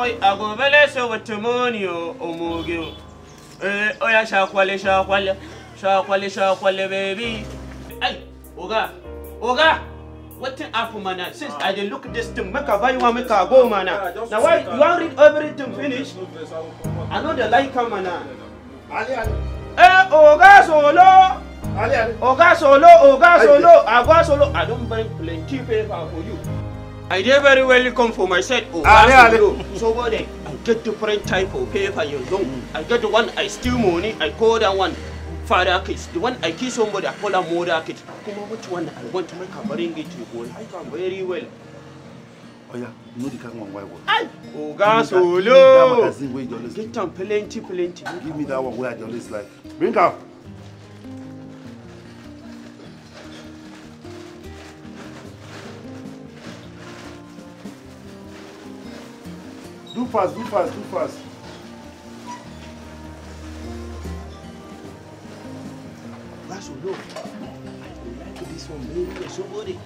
koy agobele so watamonio omugio eh oya shakwale shakwale shakwale shakwale baby ay oga oga wetin happen mana since i dey look dis thing make i buy one make i go mana na why you wan read everything finish i no dey like am mana eh oga solo oga solo oga solo agwa solo i don bring plenty paper for you I did very well come for set. Oh, ale, ah, ale. So what then? I get different type of paper you know. I get the one I steal money, I call that one father kiss. The one I kiss somebody, I call a mother kiss. Come on, which one I want to make a bring it to you? Boy. I can very well. Oh yeah, you know the kind one why one. Oh God, solo. Give Get them plenty, plenty. Give me that one where I always like. Bring up. Do fast, do fast, do fast. That's all. I like this one. somebody.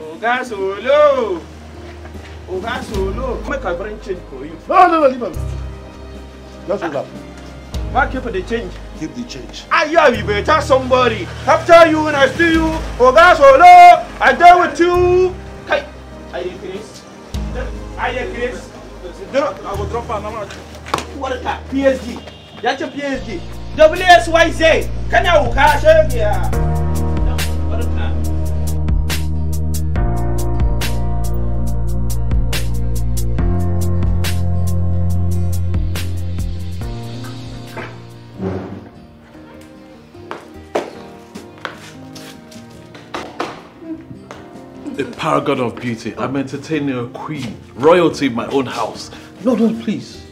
Oga Solo. Oga Solo. Make I bring change for you. No, no, no, leave him. Just hold up. you for the change. Keep the change. Ah, yeah, you better somebody. After you, when I see you, Oga Solo, I done with you. Hey, I didn't finish. Ajax drop I go drop am now. Warka PSG That's your PSG WSYZ Can you wuka shege ya. paragon of beauty. I'm entertaining a queen, royalty in my own house. No, no, please.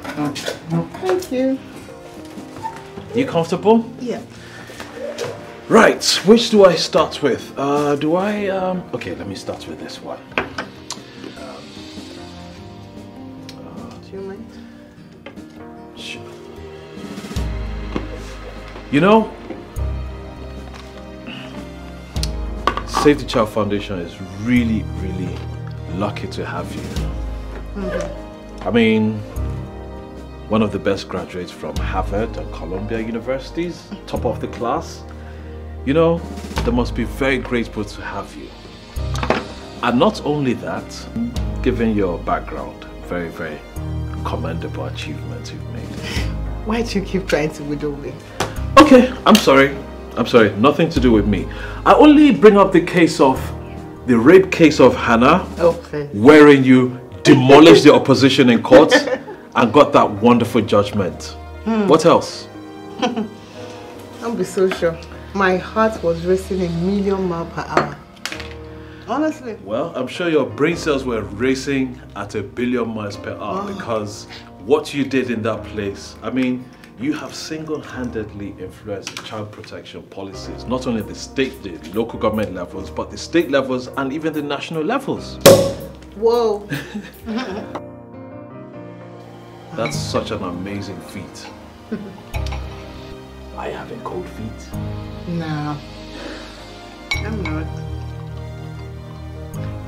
Thank you. You comfortable? Yeah. Right, which do I start with? Uh, do I, um, okay, let me start with this one. You know, Save the Child Foundation is really, really lucky to have you. Mm -hmm. I mean, one of the best graduates from Harvard and Columbia universities, top of the class. You know, they must be very grateful to have you. And not only that, given your background, very, very commendable achievements you've made. Why do you keep trying to widow me? Okay, I'm sorry. I'm sorry, nothing to do with me. I only bring up the case of the rape case of Hannah, okay. wherein you demolished the opposition in court and got that wonderful judgment. Hmm. What else? Don't be so sure. My heart was racing a million miles per hour. Honestly. Well, I'm sure your brain cells were racing at a billion miles per hour oh. because what you did in that place, I mean, you have single-handedly influenced child protection policies, not only the state, the local government levels, but the state levels and even the national levels. Whoa. That's such an amazing feat. I haven't cold feet. No, I'm not.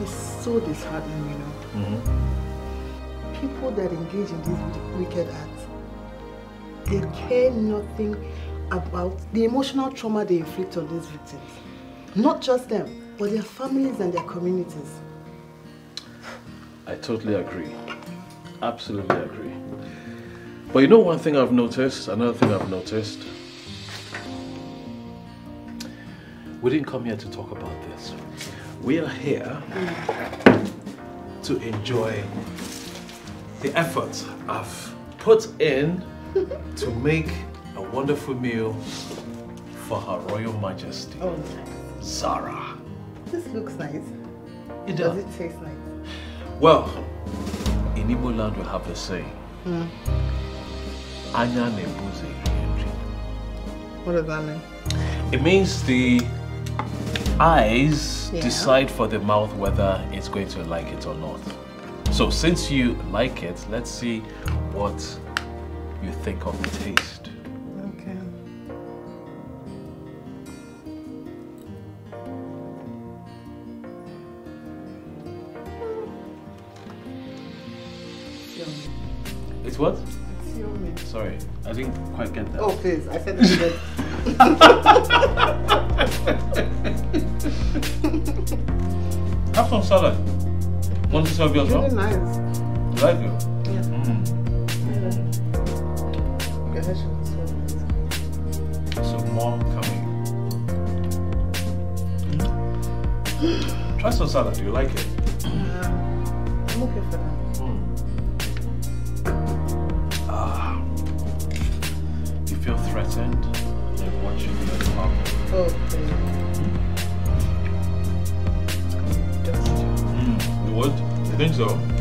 It's so disheartening, you know. Mm -hmm. People that engage in these wicked acts they care nothing about the emotional trauma they inflict on these victims. Not just them, but their families and their communities. I totally agree. Absolutely agree. But you know one thing I've noticed, another thing I've noticed? We didn't come here to talk about this. We are here to enjoy the effort I've put in to make a wonderful meal for Her Royal Majesty. Oh, nice. Zara. This looks nice. It does. Does it taste nice? Well, in Igbo land we have the saying. Mm. Anya nebuze What does that mean? It means the eyes yeah. decide for the mouth whether it's going to like it or not. So since you like it, let's see what you think of taste. Okay. It's what? It's yummy. Sorry, I didn't quite get that. Oh, please, I said it Have some salad. Want to serve you as well? Really nice. Like you? Try some salad. Do you like it? Um, I'm okay for that. Mm. Ah. You feel threatened? They're watching you at home. Okay. Just. Mm, you would? You think so?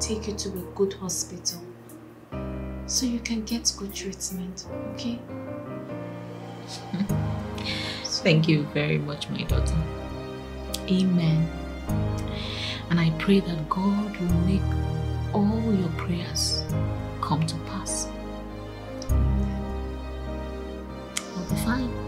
take you to a good hospital so you can get good treatment, okay? Thank you very much, my daughter. Amen. And I pray that God will make all your prayers come to pass. We'll be fine.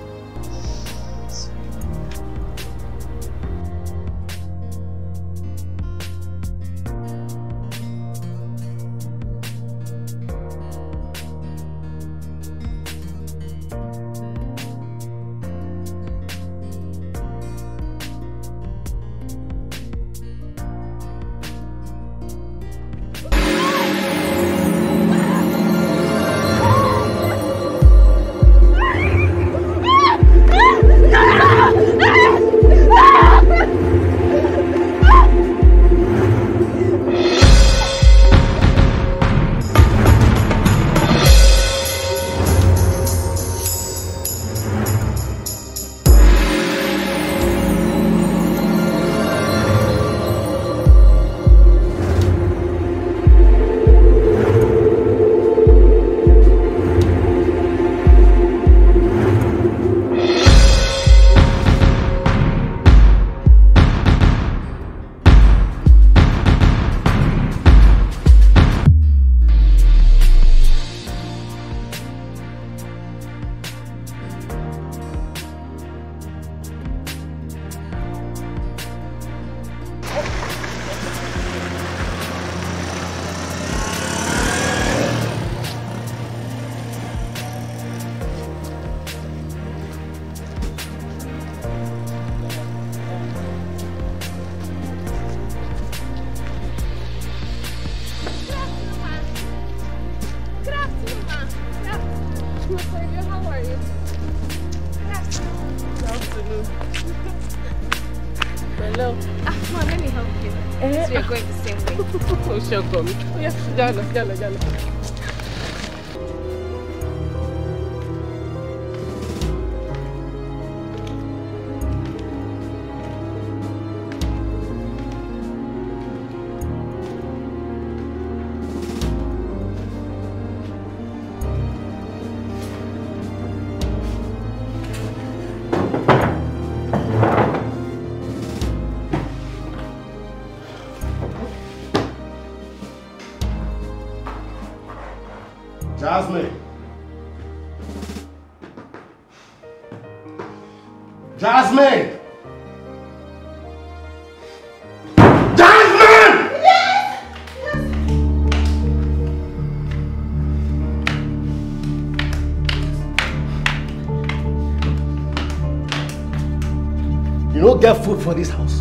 prepare food for this house?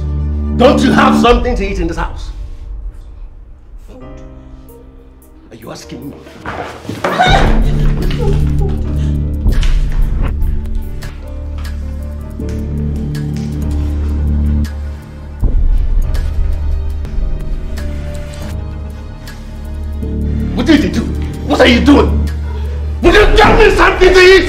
Don't you have something to eat in this house? Food? Are you asking me? What did you do? What are you doing? Would you tell me something to eat?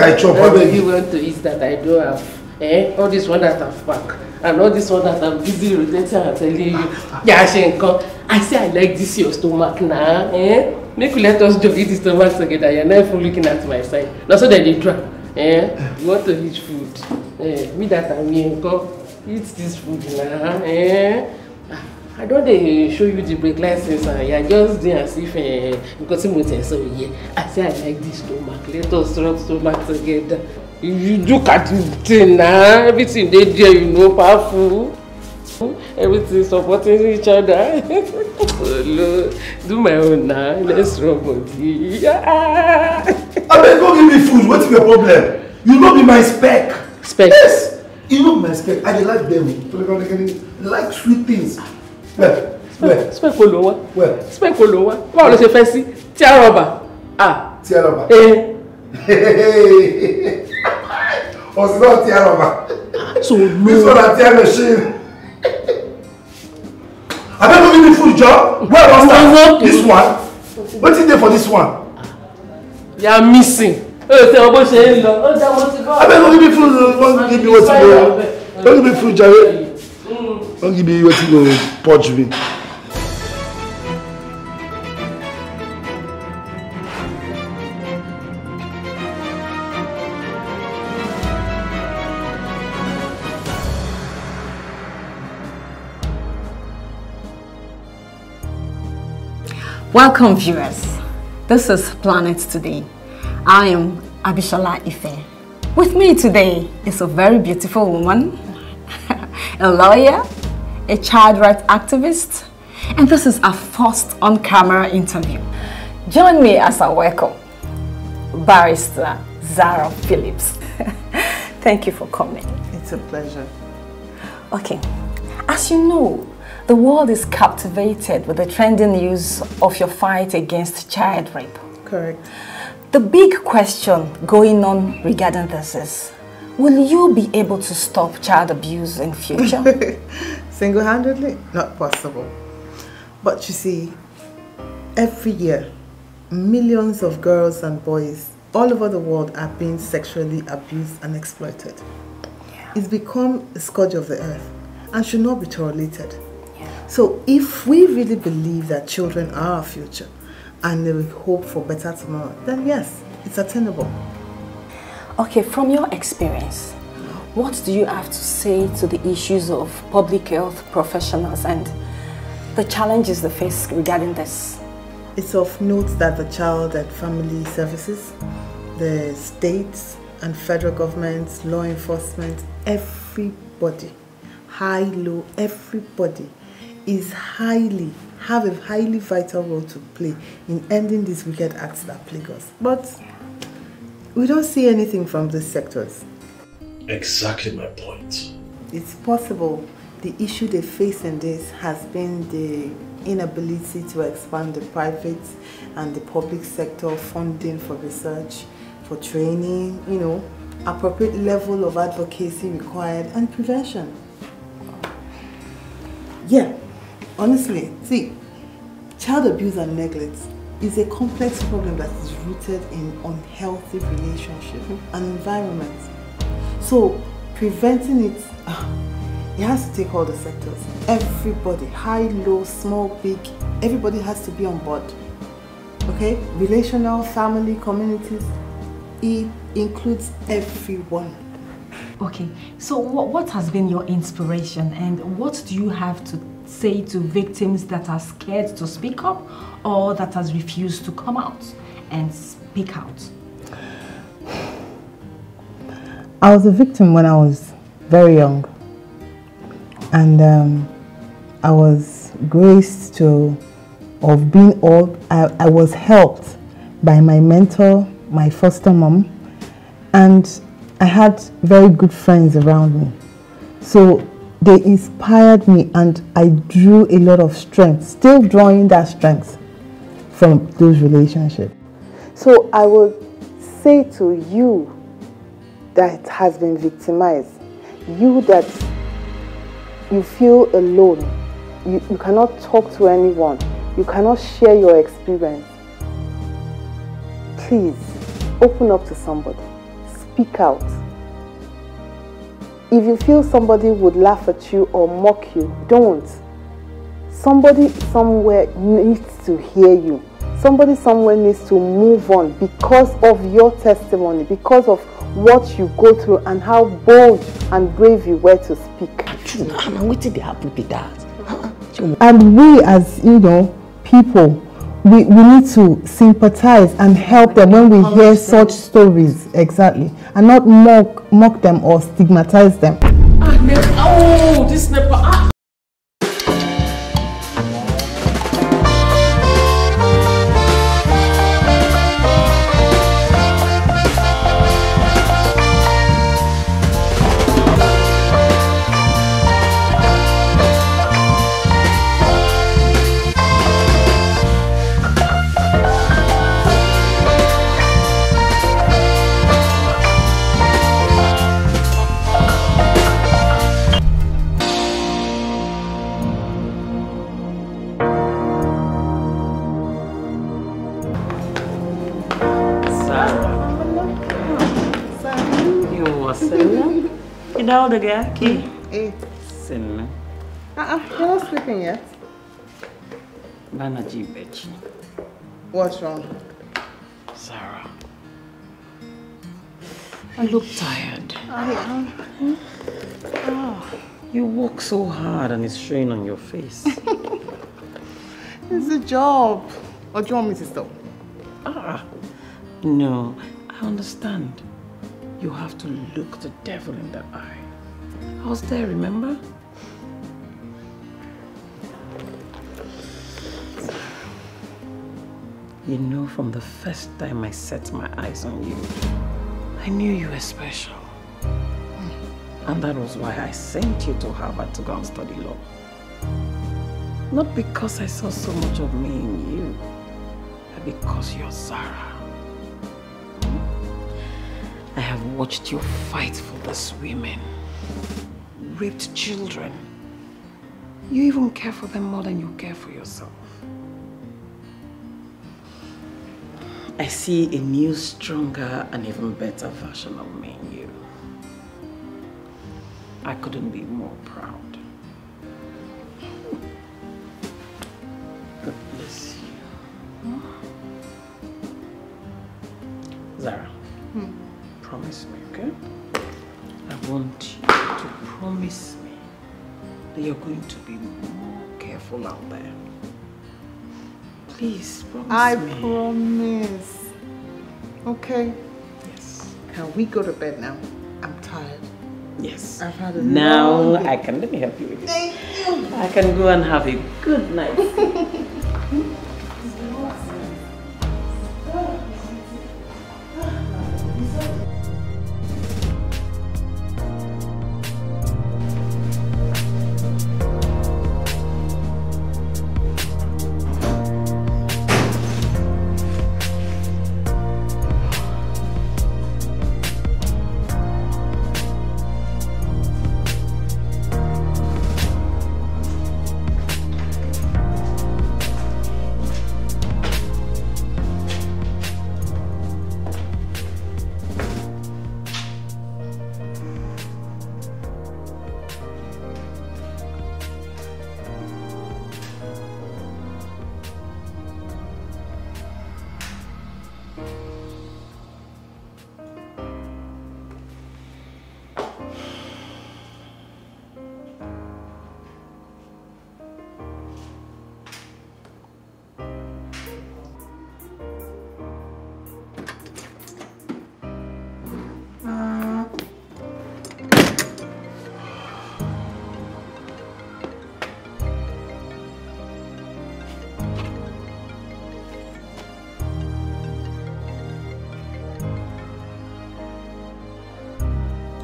make i chop why baby want to eat that i don't have eh all this one that i've packed and all this one that i'm busy rotating and telling you yashe nkan i say i like this your stomach now. eh make you let us joke eat the stomach together you're not even looking at my side na so dem dey try eh you want to eat food eh me that i mean nkan eat this food now. eh i don't dey show you the brake license and you're just dey as if eh, nkan tí mo tẹ̀ sọ yẹ i say i like this stomach let us rub stomach together you look at the thing na everything they do, you know powerful everything supporting each other oh, do my own na let's rub body. abeg go give me food What's your problem you know be my spec. spec yes you know my spec i like them. i like sweet things spec ah, ló wá spec ló wá báwo ló ṣe fẹ́ sí tíá rọ̀bà ah tíá rọ̀bà eh. ọ̀sìn náà tíá rọ̀bà so no bísọ̀rọ̀ àti ẹ̀rọ ṣe abẹ́nu mi ní fún ìjọ where was that this one wetin dey for this one. you are missing ètò ọgbọ́n ṣe ń lọ. abẹ́nu mi ní fún ìjọ wọ́n ní bí wọ́n ti lọ wọ́n ní bí fún ìjọ rẹ̀. Mm. Don't give me what you me. Welcome viewers. This is Planet Today. I am Abishola Ife. With me today is a very beautiful woman. a lawyer, a child rights activist, and this is our first on-camera interview. Join me as I welcome Barrister Zara Phillips. Thank you for coming. It's a pleasure. Okay, as you know, the world is captivated with the trending news of your fight against child rape. Correct. The big question going on regarding this is, Will you be able to stop child abuse in future? Single-handedly? Not possible. But you see, every year, millions of girls and boys all over the world are being sexually abused and exploited. Yeah. It's become a scourge of the earth and should not be tolerated. Yeah. So if we really believe that children are our future and they will hope for better tomorrow, then yes, it's attainable. Okay, from your experience, what do you have to say to the issues of public health professionals and the challenges they face regarding this? It's of note that the Child and Family Services, the states and federal governments, law enforcement, everybody, high, low, everybody is highly, have a highly vital role to play in ending this wicked acts that plague us. But we don't see anything from these sectors. Exactly my point. It's possible the issue they face in this has been the inability to expand the private and the public sector funding for research, for training, you know, appropriate level of advocacy required and prevention. Yeah, honestly, see, child abuse and neglect is a complex problem that is rooted in unhealthy relationship and environment. So preventing it, ah, it has to take all the sectors. Everybody, high, low, small, big, everybody has to be on board. Okay? Relational, family, communities, it includes everyone. Okay, so what, what has been your inspiration and what do you have to say to victims that are scared to speak up or that has refused to come out and speak out? I was a victim when I was very young and um, I was graced to of being old I, I was helped by my mentor my foster mom and I had very good friends around me so they inspired me and I drew a lot of strength, still drawing that strength from those relationships. So I would say to you that has been victimized, you that you feel alone, you, you cannot talk to anyone, you cannot share your experience, please open up to somebody, speak out. If you feel somebody would laugh at you or mock you, don't. Somebody somewhere needs to hear you. Somebody somewhere needs to move on because of your testimony, because of what you go through and how bold and brave you were to speak. I'm waiting to happen with that. And we as, you know, people we, we need to sympathize and help them when we hear such stories exactly and not mock mock them or stigmatize them ah, oh this never, ah, o'clock, yeah? Key? Eight. Sin me. Uh-uh, you're not sleeping yet. Banaji, bitch. What's wrong? Sarah. I look tired. I am. Oh. You work so hard and it's showing on your face. it's a job. Or do you want me to stop? Ah, no. I understand. You have to look the devil in the eye. I was there, remember? You know, from the first time I set my eyes on you, I knew you were special. And that was why I sent you to Harvard to go and study law. Not because I saw so much of me in you, but because you're Zara. I have watched you fight for this women raped children. You even care for them more than you care for yourself. I see a new, stronger, and even better version of me in you. I couldn't be more proud. God bless you. Hmm. Zara, hmm. promise me, okay? want you to promise me that you're going to be more careful out there. Please, promise I me. I promise. Okay. Yes. Can we go to bed now? I'm tired. Yes. I've had a Now I can, let me help you with this. Thank you. I can go and have a good night.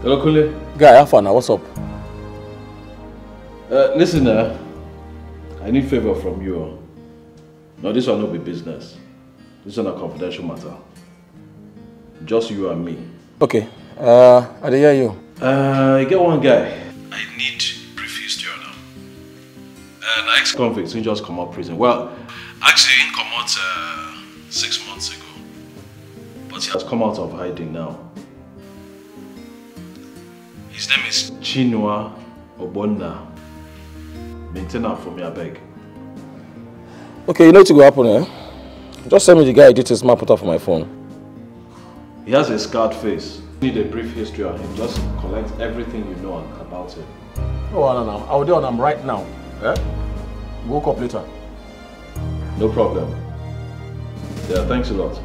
Hello, Kule. Guy, Afana, what's up? Uh, listen, uh, I need favor from you. Uh. No, this one will be business. This is a confidential matter. Just you and me. Okay. Uh, I hear you. Uh, I get one guy. I need briefings to now. An the uh, ex-convict who just come out prison. Well, actually, he come out uh, six months ago. But he has come out of hiding now. His name is Chinua Obonda. Maintain her for me, I beg. Okay, you know what to happen, eh? Just send me the guy who did his map put up for my phone. He has a scarred face. You need a brief history on him. Just collect everything you know about him. Oh, no, no, no. I'll do on him right now. Eh? Woke up later. No problem. Yeah, thanks a lot.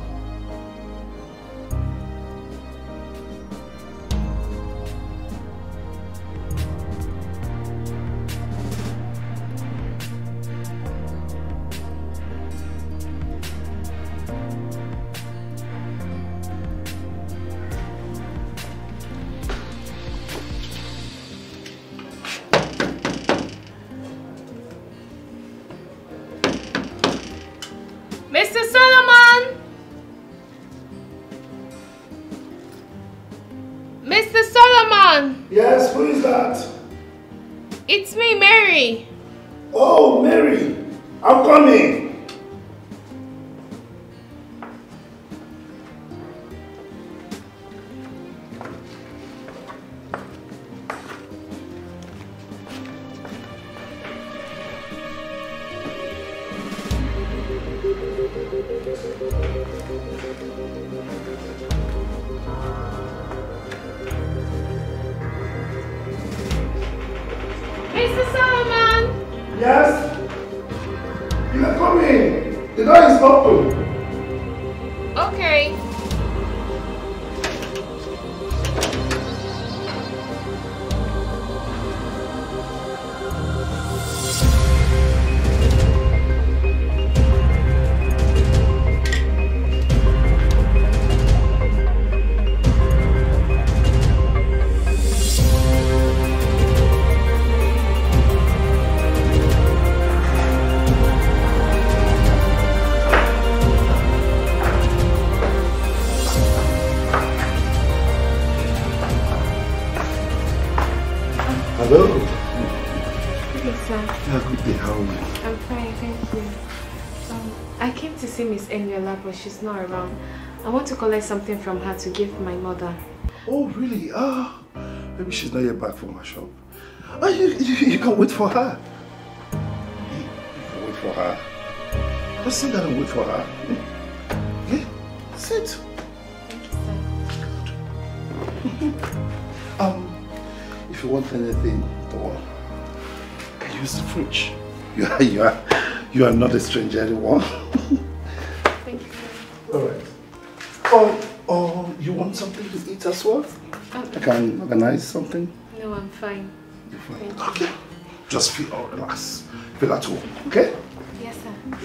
Yes? You are come in. The door is open. she's not around. I want to collect something from her to give my mother. Oh, really? Ah, maybe she's not yet back from her shop. Oh, you, you, you can wait for her. You, you can wait for her. Just sit down and wait for her. Okay, hmm. sit. um, if you want anything, don't worry. I use the fridge. You are, you are, you are not a stranger anymore. want something to eat as well? I can organize something. No, I'm fine. You're fine. Thank okay. You. Just feel oh, relaxed. Feel at home, okay? Yes, sir.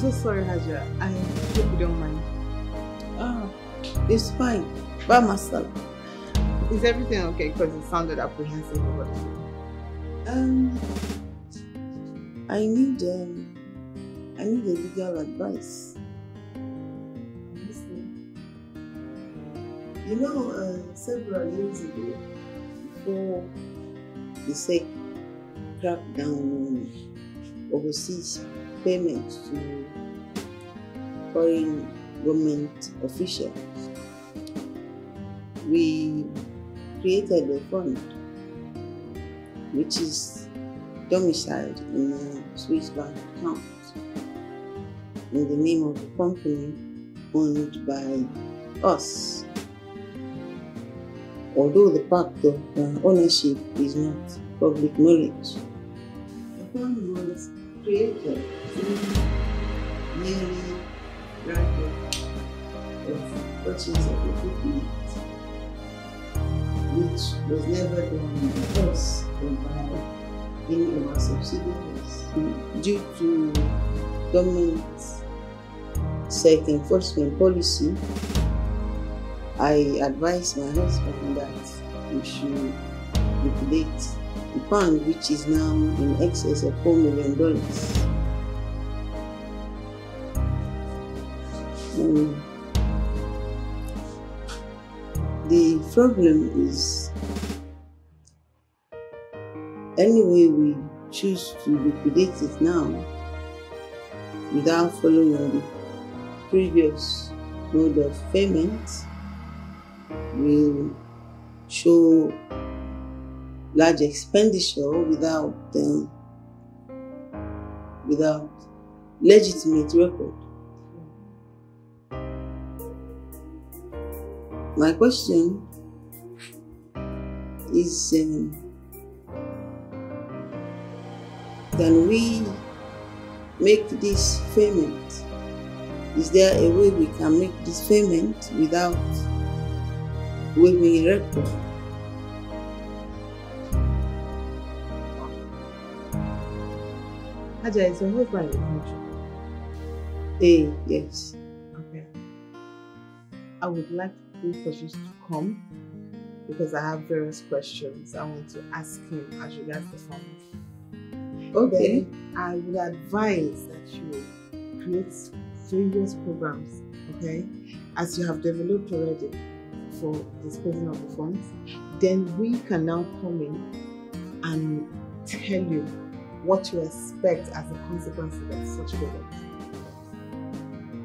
so sorry, Haja. I hope you don't mind. Ah, it's fine. By myself. Is everything okay? Because it sounded apprehensive Um, I need um, I need a legal advice. You know, uh, several years ago, before the SEC crackdown on overseas payments to foreign government officials. We created a fund which is domiciled in a Swiss bank account in the name of the company owned by us. Although the fact of uh, ownership is not public knowledge, the fund was created Mary, grandmother which was never done in the course by any of our subsidiaries due to government self enforcement policy. I advised my husband that we should liquidate the fund, which is now in excess of $4 million. Mm. the problem is any way we choose to liquidate it now without following the previous mode of payment will show large expenditure without them, um, without legitimate record My question is um, can we make this payment? Is there a way we can make this payment without waiving record? Aja, is your husband in Hey, yes. Okay. I would like feel to come because I have various questions I want to ask him as regards the fund. Okay, then I would advise that you create various programs, okay, as you have developed already for disposing of the funds. Then we can now come in and tell you what you expect as a consequence of such programs.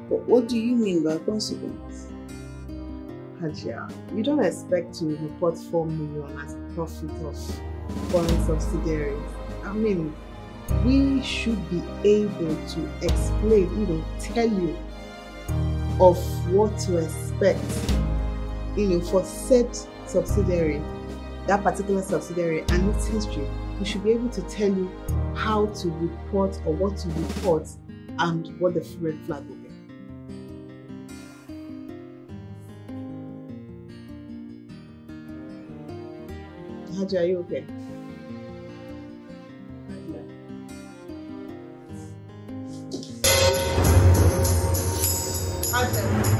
But what do you mean by consequence? Hajia, you don't expect to report 4 million as profit of foreign subsidiaries. I mean, we should be able to explain, you know, tell you of what to expect, you know, for said subsidiary, that particular subsidiary and its history. We should be able to tell you how to report or what to report and what the red flag is. સહજાયોગ है अच्छा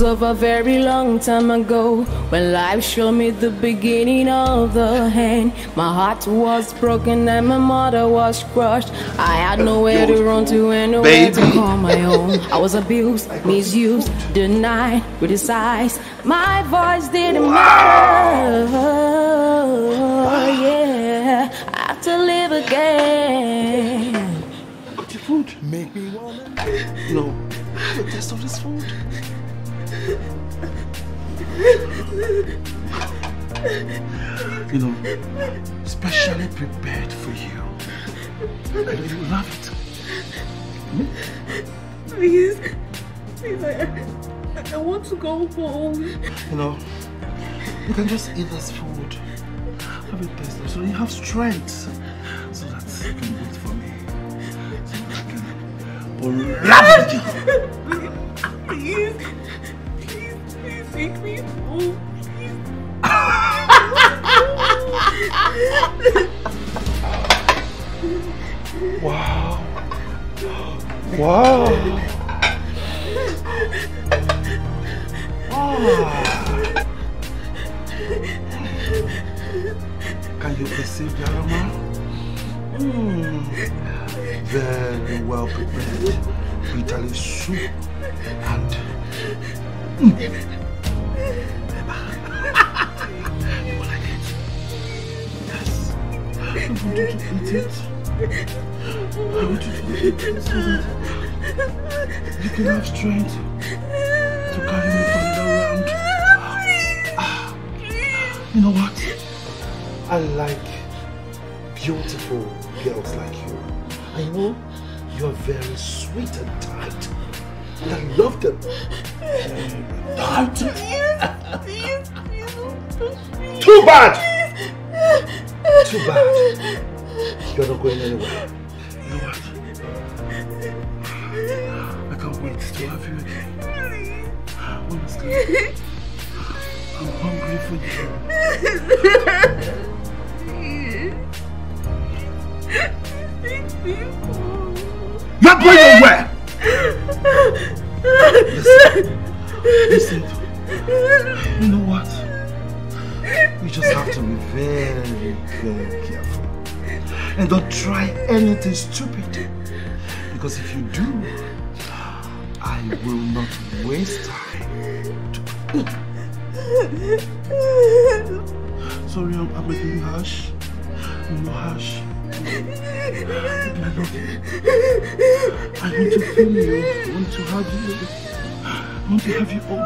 was a very long time ago when life showed me the beginning of the hand. My heart was broken and my mother was crushed. I had nowhere to run to and nowhere Baby. to call my own. I was abused, misused, denied, criticized. My voice didn't wow. matter. Wow. Yeah, I have to live again. Put your food. Make me wanna. No. The taste of this food. You know, specially prepared for you. I you love it. Hmm? Please, please, I, I want to go home. You know, you can just eat this food. Have it so you have strength. So that you can wait for me. So I can love it. Please, please, please take me home. Uau! Uau! Ah. Caiu pra sempre, Aramar. Hum. Very well prepared. Vitally soup and... Mm. Hum. want you to eat it. I want you to eat it so that you can have strength to carry me from the round. you know what? I like beautiful girls like you. I know you are very sweet and tight. And I love them. Tight. Too bad. Too bad going anywhere. You know what? I can't wait to have you again. Honestly, I'm hungry for you. don't try anything stupid. Because if you do, I will not waste time to Sorry, I'm, I'm being harsh. I'm not harsh. I love you. I want to feel you. I want to have you. I want to have you all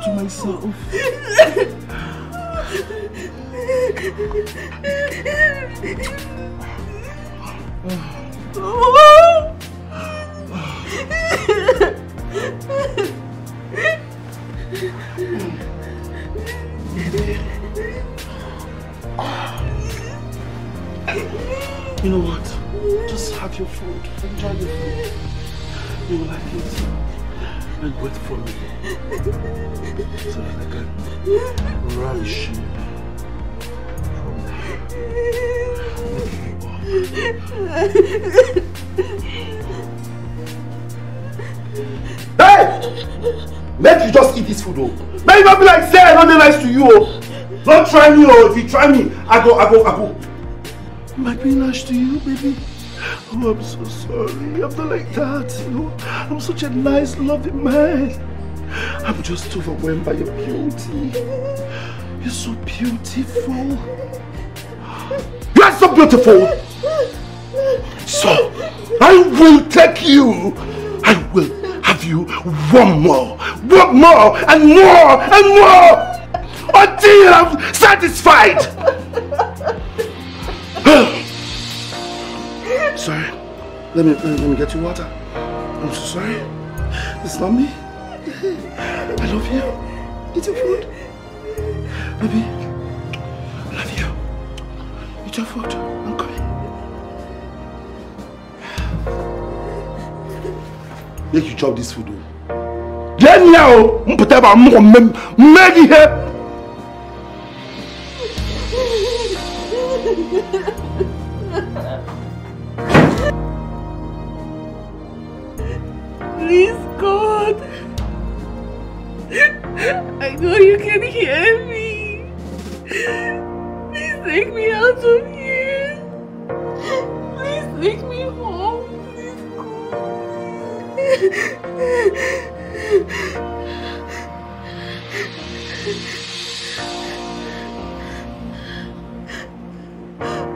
to myself. You know what? Just have your food. Enjoy the food. You will like it. And wait for me. So that I can ravish you. hey! Make you just eat this food, oh. Make you not be like, say I don't be nice to you, oh. Don't try me, oh. If you try me, I go, I go, I go. Am I being nice to you, baby? Oh, I'm so sorry. I'm not like that, you know. I'm such a nice, loving man. I'm just overwhelmed by your beauty. You're so beautiful. You're so beautiful! So I will take you. I will have you one more, one more, and more, and more, until I'm satisfied. sorry. Let me, let me get you water. I'm so sorry. It's not me. I love you. Eat your food. Baby, I love you. Eat your food. make you chop this food o jee nri ya o mpụta ebe a mmụọ mmee gị Please, God. I know you can hear me. Please take me out of here. Please take me home. 嗯。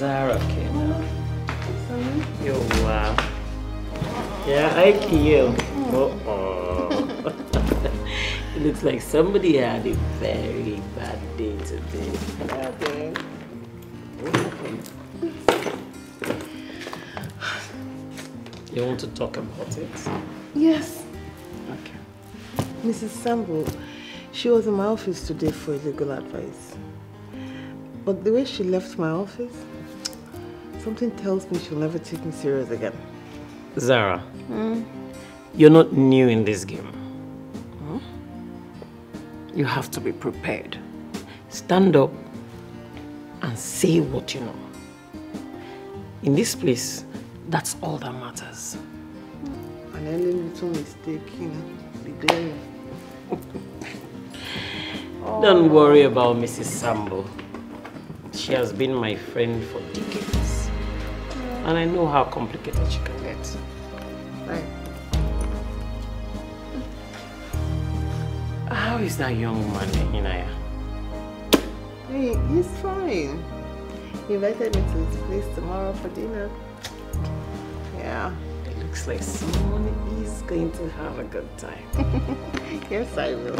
Zara came out. Yo, wow. Yeah, I you. Oh, oh. it looks like somebody had a very bad day today. Okay. You want to talk about it? Yes. Okay. Mrs. Sambo, she was in my office today for legal advice. But the way she left my office, Something tells me she'll never take me serious again. Zara, hmm? you're not new in this game. You have to be prepared. Stand up and say what you know. In this place, that's all that matters. And any little mistake, you know, the there. Don't worry about Mrs. Sambo. She has been my friend for decades. And I know how complicated she can get. Right. How is that young woman, Inaya? Hey, he's fine. He invited me to his place tomorrow for dinner. Yeah. It looks like someone is going to have a good time. yes, I will.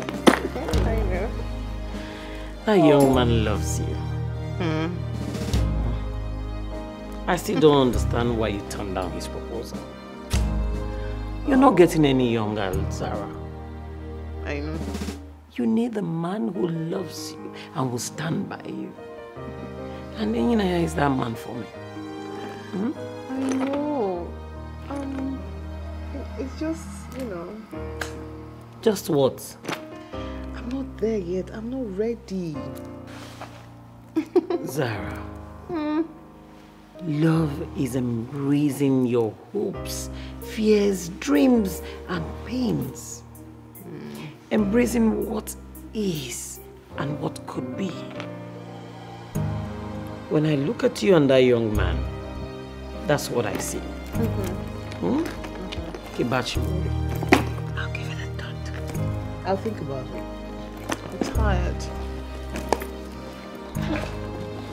I will. That young man loves you. Hmm. I still don't understand why you turned down his proposal. You're not getting any younger, Zara. I know. You need a man who loves you and will stand by you. And inaya is that man for me. Hmm? I know. Um, it's just, you know. Just what? I'm not there yet. I'm not ready. Zara. Hmm. Love is embracing your hopes, fears, dreams, and pains. Hmm. Embracing what is and what could be. When I look at you and that young man, that's what I see. Mm -hmm. hmm? Kibachi. I'll give it a thought. I'll think about it. I'm tired.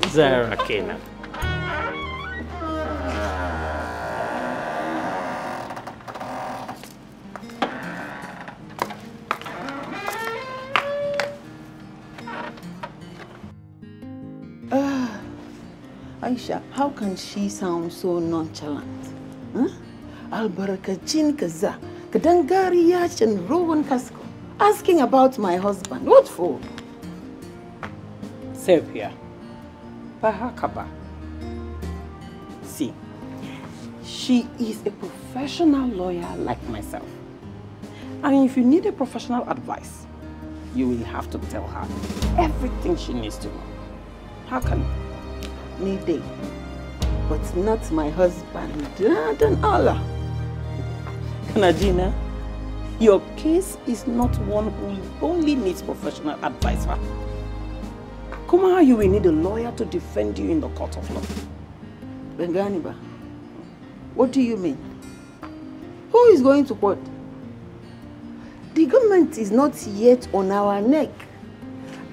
Zara Kena. Ah, Aisha, how can she sound so nonchalant? Huh? Albarakachin kaza, kadangari yach and rowan kasko. Asking about my husband, what for? Sylvia, bahakaba. She is a professional lawyer like myself. And if you need a professional advice, you will have to tell her everything she needs to know. How can me day? But not my husband, Dad and Allah. Kanajina, your case is not one who only needs professional advice. Huh? Come on, you will need a lawyer to defend you in the court of law. Benganiba. What do you mean? Who is going to court? The government is not yet on our neck.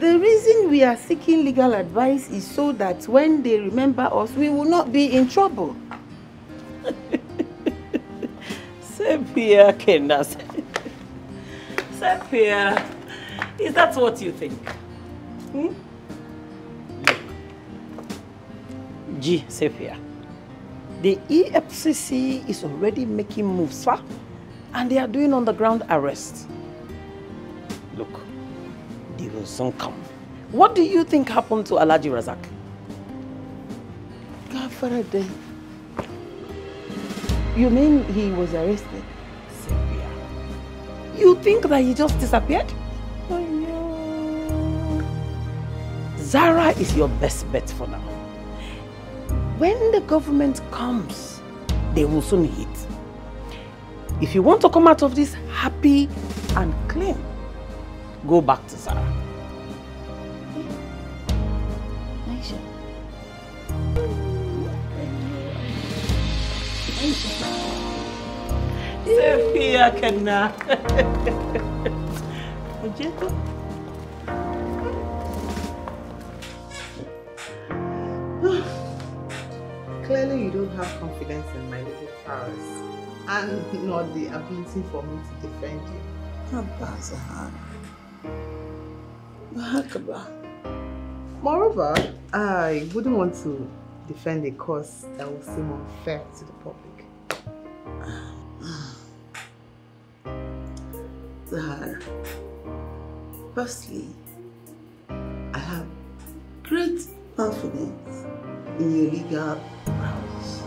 The reason we are seeking legal advice is so that when they remember us, we will not be in trouble. Sepia Kendas. Sepia, is that what you think? Hmm? G. Sepia. The EFCC is already making moves, sir, and they are doing on-the-ground arrests. Look, they will soon come. What do you think happened to Alaji Razak? God for a day. You mean he was arrested? Sylvia. You think that he just disappeared? Oh, yeah. Zara is your best bet for now. When the government comes, they will soon hit. If you want to come out of this happy and clean, go back to Sarah. Aisha. Aisha. Sophia Kana. Oof. Clearly, you don't have confidence in my little powers and not the ability for me to defend you. Moreover, I wouldn't want to defend a cause that will seem unfair to the public. Zahar. firstly, I have great confidence nearly got roused.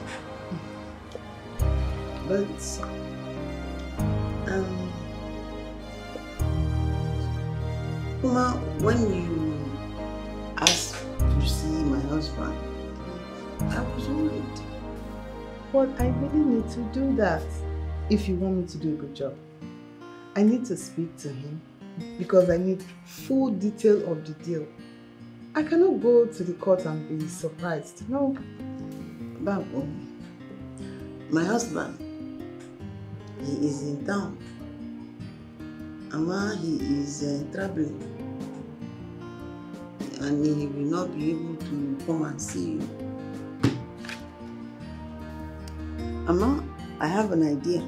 But um, Uma, when you asked to see my husband, I was worried. But I really need to do that if you want me to do a good job. I need to speak to him because I need full detail of the deal I cannot go to the court and be surprised. No. Babo, my husband, he is in town. And while he is uh, traveling, and he will not be able to come and see you. Ama, I have an idea.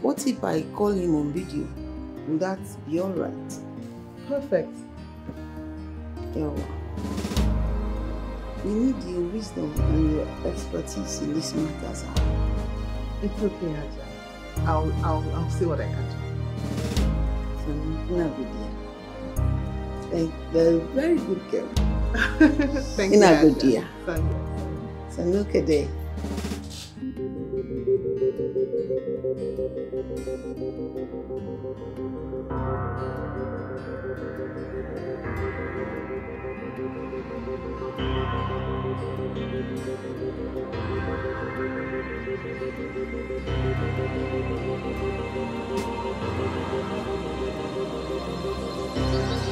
What if I call him on video? Will that be alright? Perfect. We need your wisdom and your expertise in these matters. It's okay, Haja. I'll, I'll, I'll see what I can do. Nagudia. Like, they very good girl. Thank In you. Nagudia. Thank you. Sanuke day. Thank you.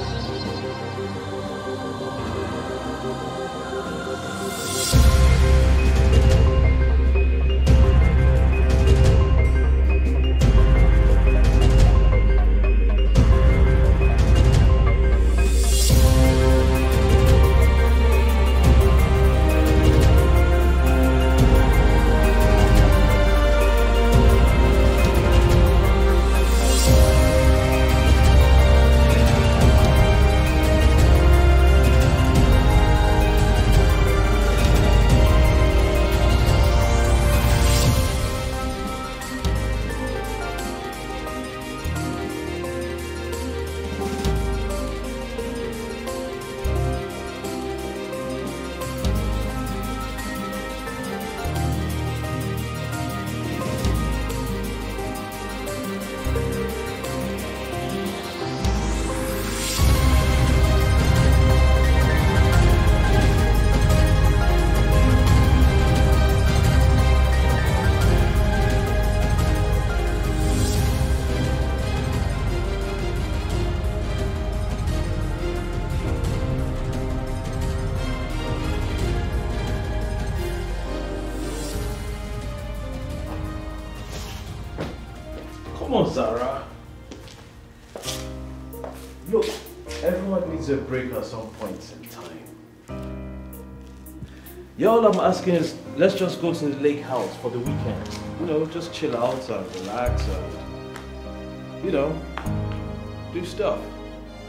all I'm asking is let's just go to the lake house for the weekend. You know, just chill out and relax and, you know, do stuff.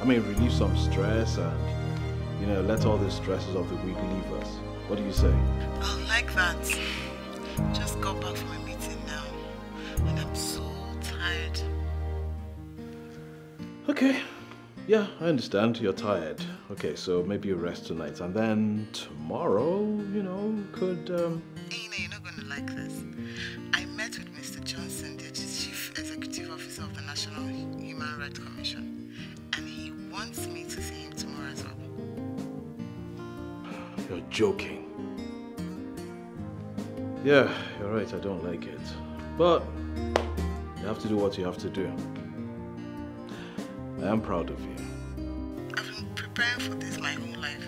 I mean, relieve some stress and, you know, let all the stresses of the week leave us. What do you say? I like that. Just got back from a meeting now and I'm so tired. Okay. Yeah, I understand, you're tired. Okay, so maybe you rest tonight, and then tomorrow, you know, could, um... You know, you're not gonna like this. I met with Mr. Johnson, the Chief Executive Officer of the National Human Rights Commission, and he wants me to see him tomorrow as well. You're joking. Yeah, you're right, I don't like it. But, you have to do what you have to do. I am proud of you. I've been preparing for this my whole life,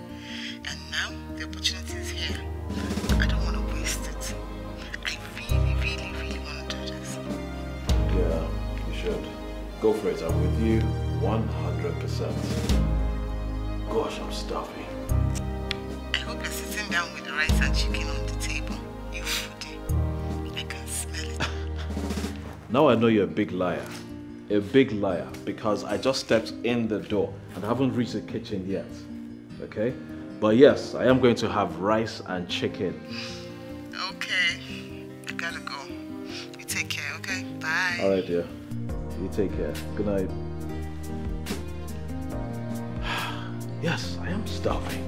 and now the opportunity is here. I don't want to waste it. I really, really, really want to do this. Yeah, you should. Go for it. I'm with you 100%. Gosh, I'm starving. I hope you're sitting down with the rice and chicken on the table. You foodie. I can smell it. now I know you're a big liar a big liar because I just stepped in the door and haven't reached the kitchen yet. Okay? But yes, I am going to have rice and chicken. Okay. I gotta go. You take care, okay? Bye. Alright, dear. You take care. Good night. yes, I am starving.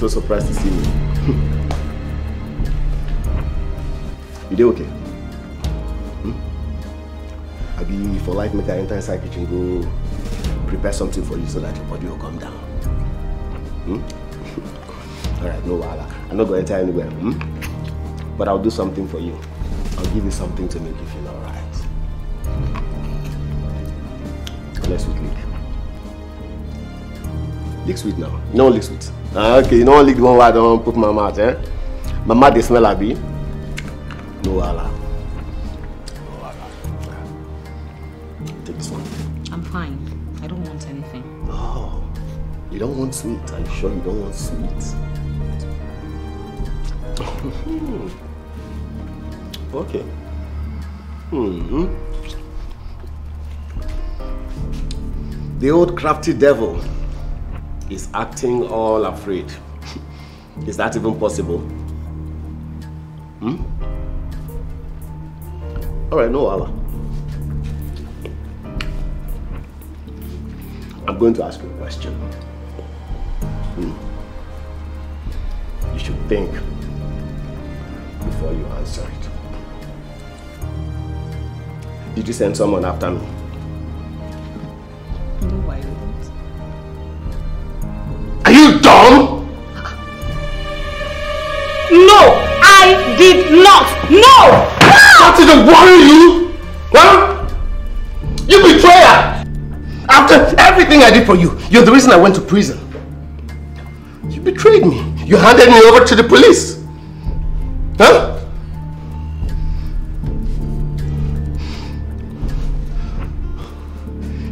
so surprised to see me. you did okay? Hmm? be for life make I enter inside kitchen go prepare something for you so that your body will calm down. Hmm? Alright, no wahala. I'm not going to enter anywhere. Hmm? But I'll do something for you. I'll give you something to make you feel alright. Let's with Lick sweet now. No lick sweet. Ah, ok, you know only the one where I don't put my mouth, eh? My mouth they smell me. No wahala. No wahala. Take this one. I'm fine. I don't want anything. Oh, you don't want sweet? Are you sure you don't want sweet? Okay. hmm. The old crafty devil is acting all afraid. is that even possible? Hmm? All right, no Allah. I'm going to ask you a question. Hmm. You should think before you answer it. Did you send someone after me? did not. No! That is didn't worry you! Huh? You betrayer! After everything I did for you, you're the reason I went to prison. You betrayed me. You handed me over to the police. Huh?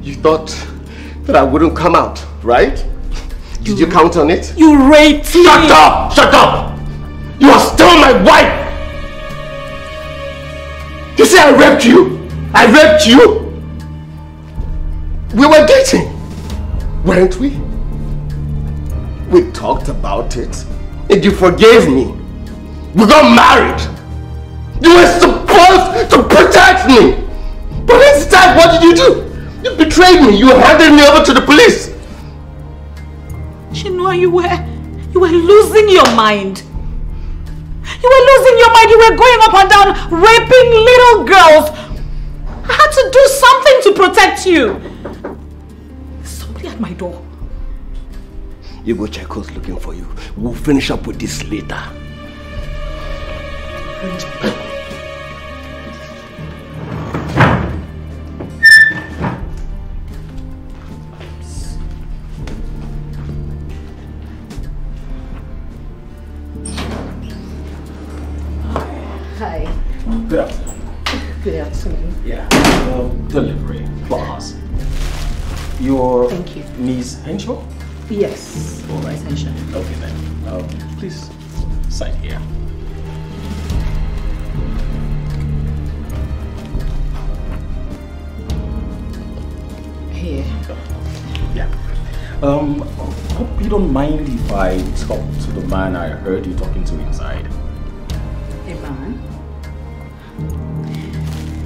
You thought that I wouldn't come out, right? Did you, you count on it? You raped me! Shut up! Shut up! You are still my wife! say I raped you? I raped you? We were dating, weren't we? We talked about it. And you forgave me. We got married. You were supposed to protect me. But instead, what did you do? You betrayed me. You handed me over to the police. Chinua, you were... You were losing your mind. You were losing your mind. You were going up and down, raping little girls. I had to do something to protect you. There's somebody at my door. You go check who's looking for you. We'll finish up with this later. Yes. For my pension. Okay then. Um, please sign here. Here. Yeah. Um, hope you don't mind if I talk to the man I heard you talking to inside. A man?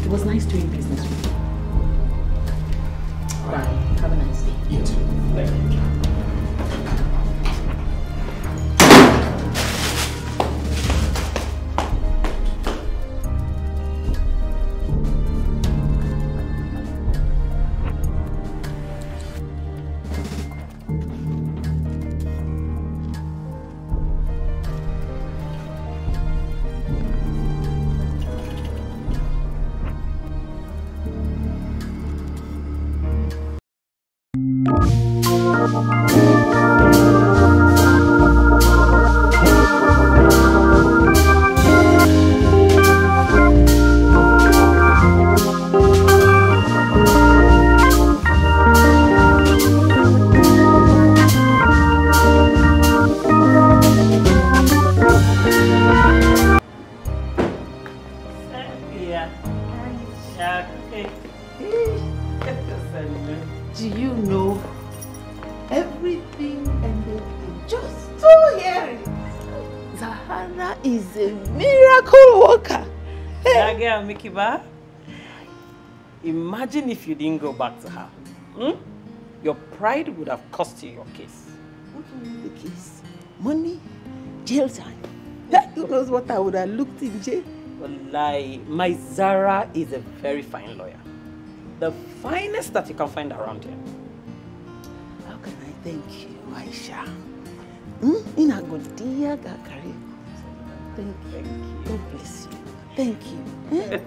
It was nice doing business with you. Bye. You too. Thank you. if you didn't go back to her. Hmm? Your pride would have cost you your case. What do you mean the case? Money? Jail time? Who knows what I would have looked in jail? Well, lie. My Zara is a very fine lawyer. The finest that you can find around here. How can I thank you, Aisha? Mm? In Gakari. Thank you. God bless you. Thank you. Eh?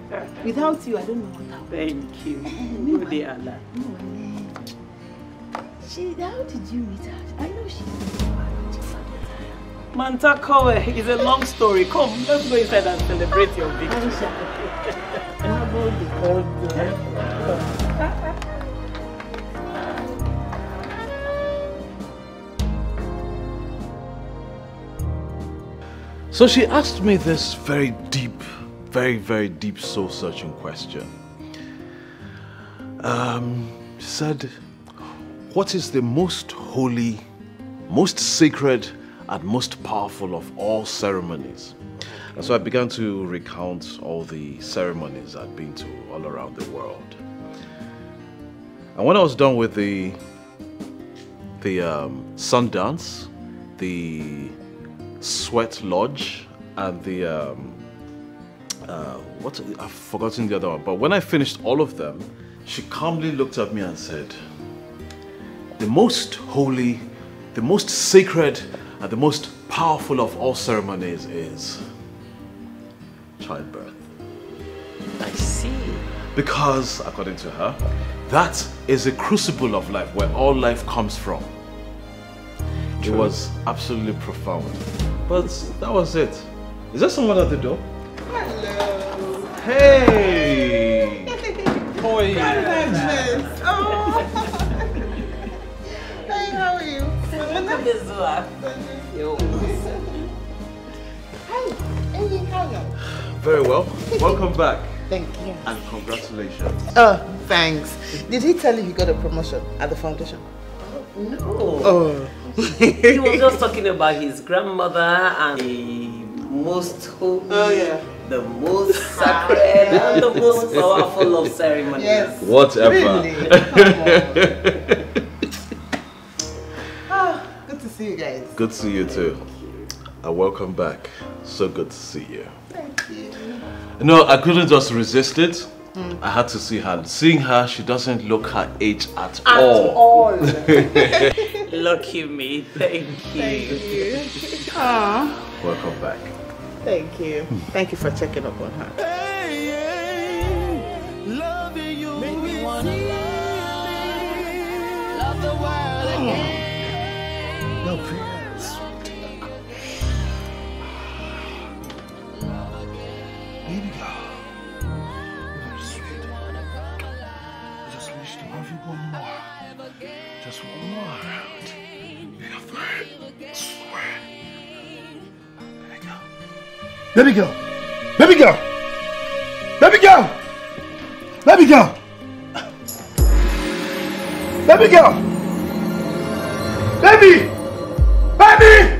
Without you, I don't know what happened. Thank you. No, eh, eh, oh, they She, how did you meet her? I know she's Manta Kowe is a long story. Come, let's go inside and celebrate your victory. Uh, so she asked me this very deep very, very deep soul searching question. Um, said, What is the most holy, most sacred, and most powerful of all ceremonies? And so I began to recount all the ceremonies I'd been to all around the world. And when I was done with the the um, Sundance, the Sweat Lodge, and the um, uh, what I've forgotten the other one. But when I finished all of them, she calmly looked at me and said, "The most holy, the most sacred, and the most powerful of all ceremonies is childbirth." I see. Because, according to her, that is a crucible of life where all life comes from. True. It was absolutely profound. But that was it. Is there someone at the door? Hello. Hey. Boy. How did I dress? Oh. hey, how are you? Very well. Welcome back. Thank you. And congratulations. Oh, thanks. Did he tell you he got a promotion at the foundation? No. Oh. he was just talking about his grandmother and a most oh, holy oh, yeah the most sacred and the most powerful of ceremonies. Yes. Whatever. Really? Ah, good to see you guys. Good to see you too. You. Uh, and welcome back. So good to see you. Thank you. No, I couldn't just resist it. I had to see her. Seeing her, she doesn't look her age at, at all. all. Lucky me. Thank you. Thank you. Aww. Ah. Welcome back. Thank you. Thank you for checking up on her. Hey, hey, you. Make me wanna love, love the world oh. again. No, Let me go. Let me go. Let me go. Let me go. Let me go. Let me. Let me.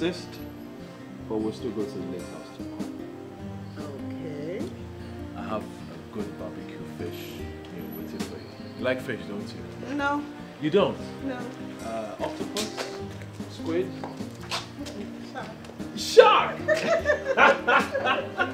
but we'll still go to the lake house tomorrow. Okay. I have a good barbecue fish here waiting for you. You like fish, don't you? No. You don't? No. Uh, octopus? Squid? Shark! Shark!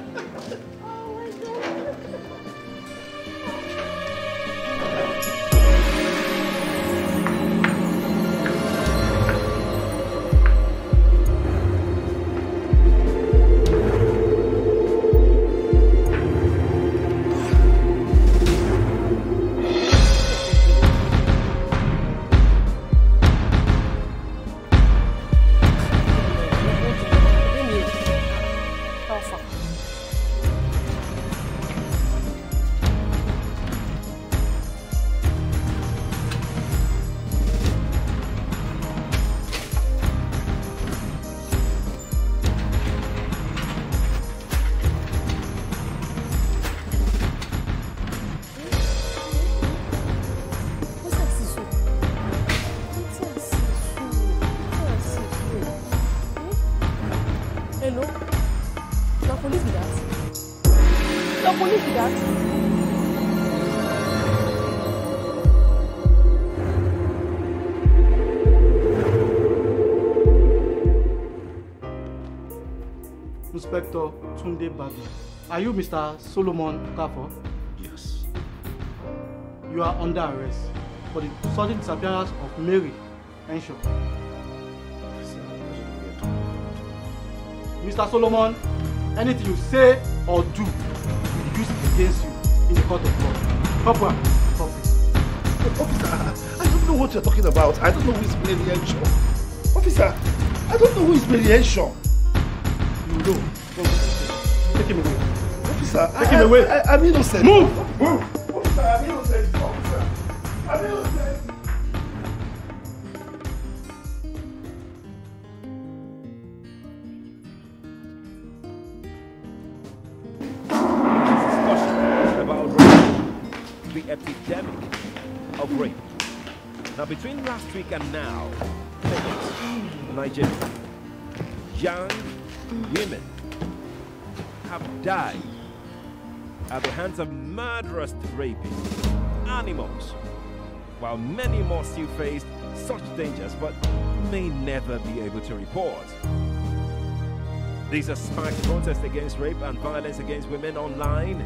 Inspector Tunde Badu. Are you Mr. Solomon Kafo? Yes. You are under arrest for the sudden disappearance of Mary Ensho. Mr. Solomon, anything you say or do will be used against you in the court of law. Corporal, stop it. Oh, officer, I don't know what you're talking about. I don't know who is Mary Ensho. Officer, I don't know who is Mary Ensho. You know. Take him away. Officer, Take I, him away. I, I, I'm innocent. Move! Move! Officer, I'm innocent. Officer, I'm innocent. The epidemic of rape. Now, between last week and now, Nigeria, young women died at the hands of murderous rapists, animals, while many more still faced such dangers but may never be able to report. These are sparked protests against rape and violence against women online.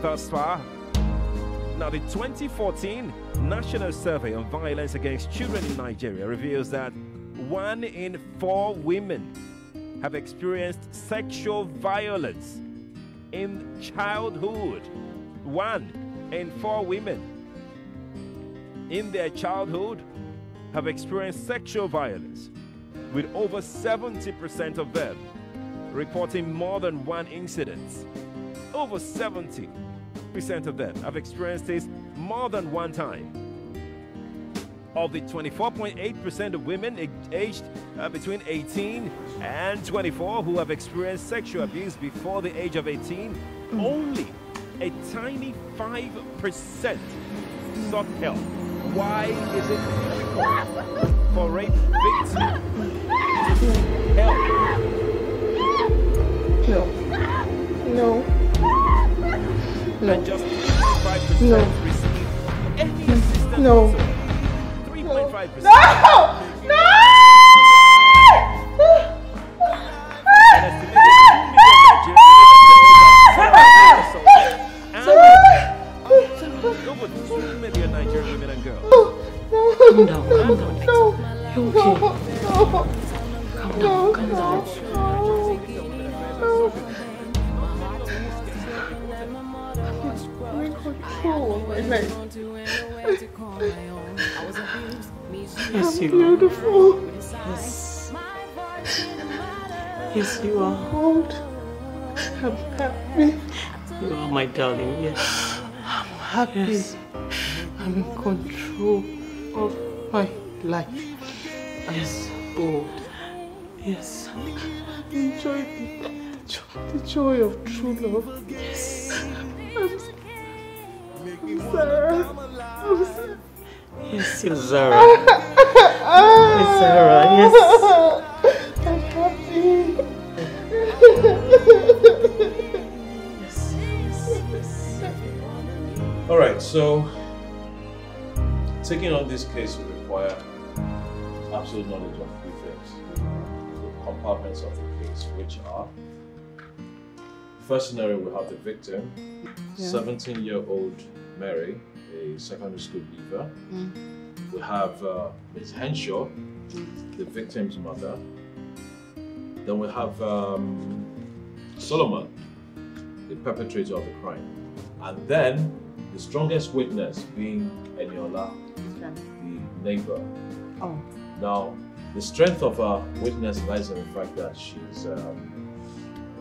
Thus far, now, the 2014 National Survey on Violence Against Children in Nigeria reveals that one in four women have experienced sexual violence in childhood. One in four women in their childhood have experienced sexual violence, with over 70% of them reporting more than one incident. Over 70% of them have experienced this more than one time of the 24.8% of women aged uh, between 18 and 24 who have experienced sexual abuse before the age of 18, mm. only a tiny 5% sought help. Why is it difficult for rape victims to help? No. No. No. And just 5% no. receive any assistance. No. 25%. No! No! Calm down, calm down. No, you okay? No, no, calm down, calm down. No, no. I'm in control of my life. Yes, you beautiful. are. Yes. Yes, you are. i old. I'm happy. You are my darling, yes. I'm happy. Yes. I'm in control of my life. I'm yes. bold. Yes. Enjoy the, the joy of true love. Yes. I'm, I'm Sarah. I'm Sarah. Yes, you're Zara. yes, Zara, yes. I'm happy. yes, yes, yes. All right, so taking on this case will require absolute knowledge of three things. The compartments of the case, which are first scenario, we have the victim, 17-year-old yeah. Mary, a secondary school beaver. Mm. We have uh, Ms. Henshaw, mm. the victim's mother. Then we have um, Solomon, the perpetrator of the crime. And then the strongest witness being Eniola, okay. the neighbor. Oh. Now, the strength of our witness lies in the fact that she's, um,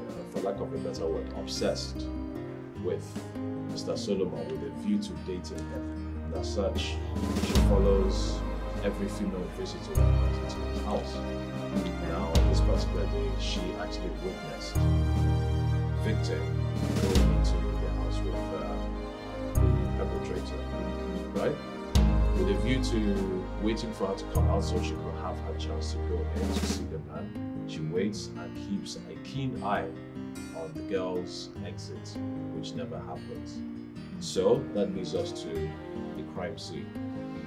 uh, for lack of a better word, obsessed with Mr. Solomon with a view to dating him, And as such, she follows every female visitor comes to his house. Now, on this particular day, she actually witnessed Victor going into the house with uh, the perpetrator, right? With a view to waiting for her to come out so she could have her chance to go in to see the man. She waits and keeps a keen eye on the girl's exit, which never happens. So that leads us to the crime scene,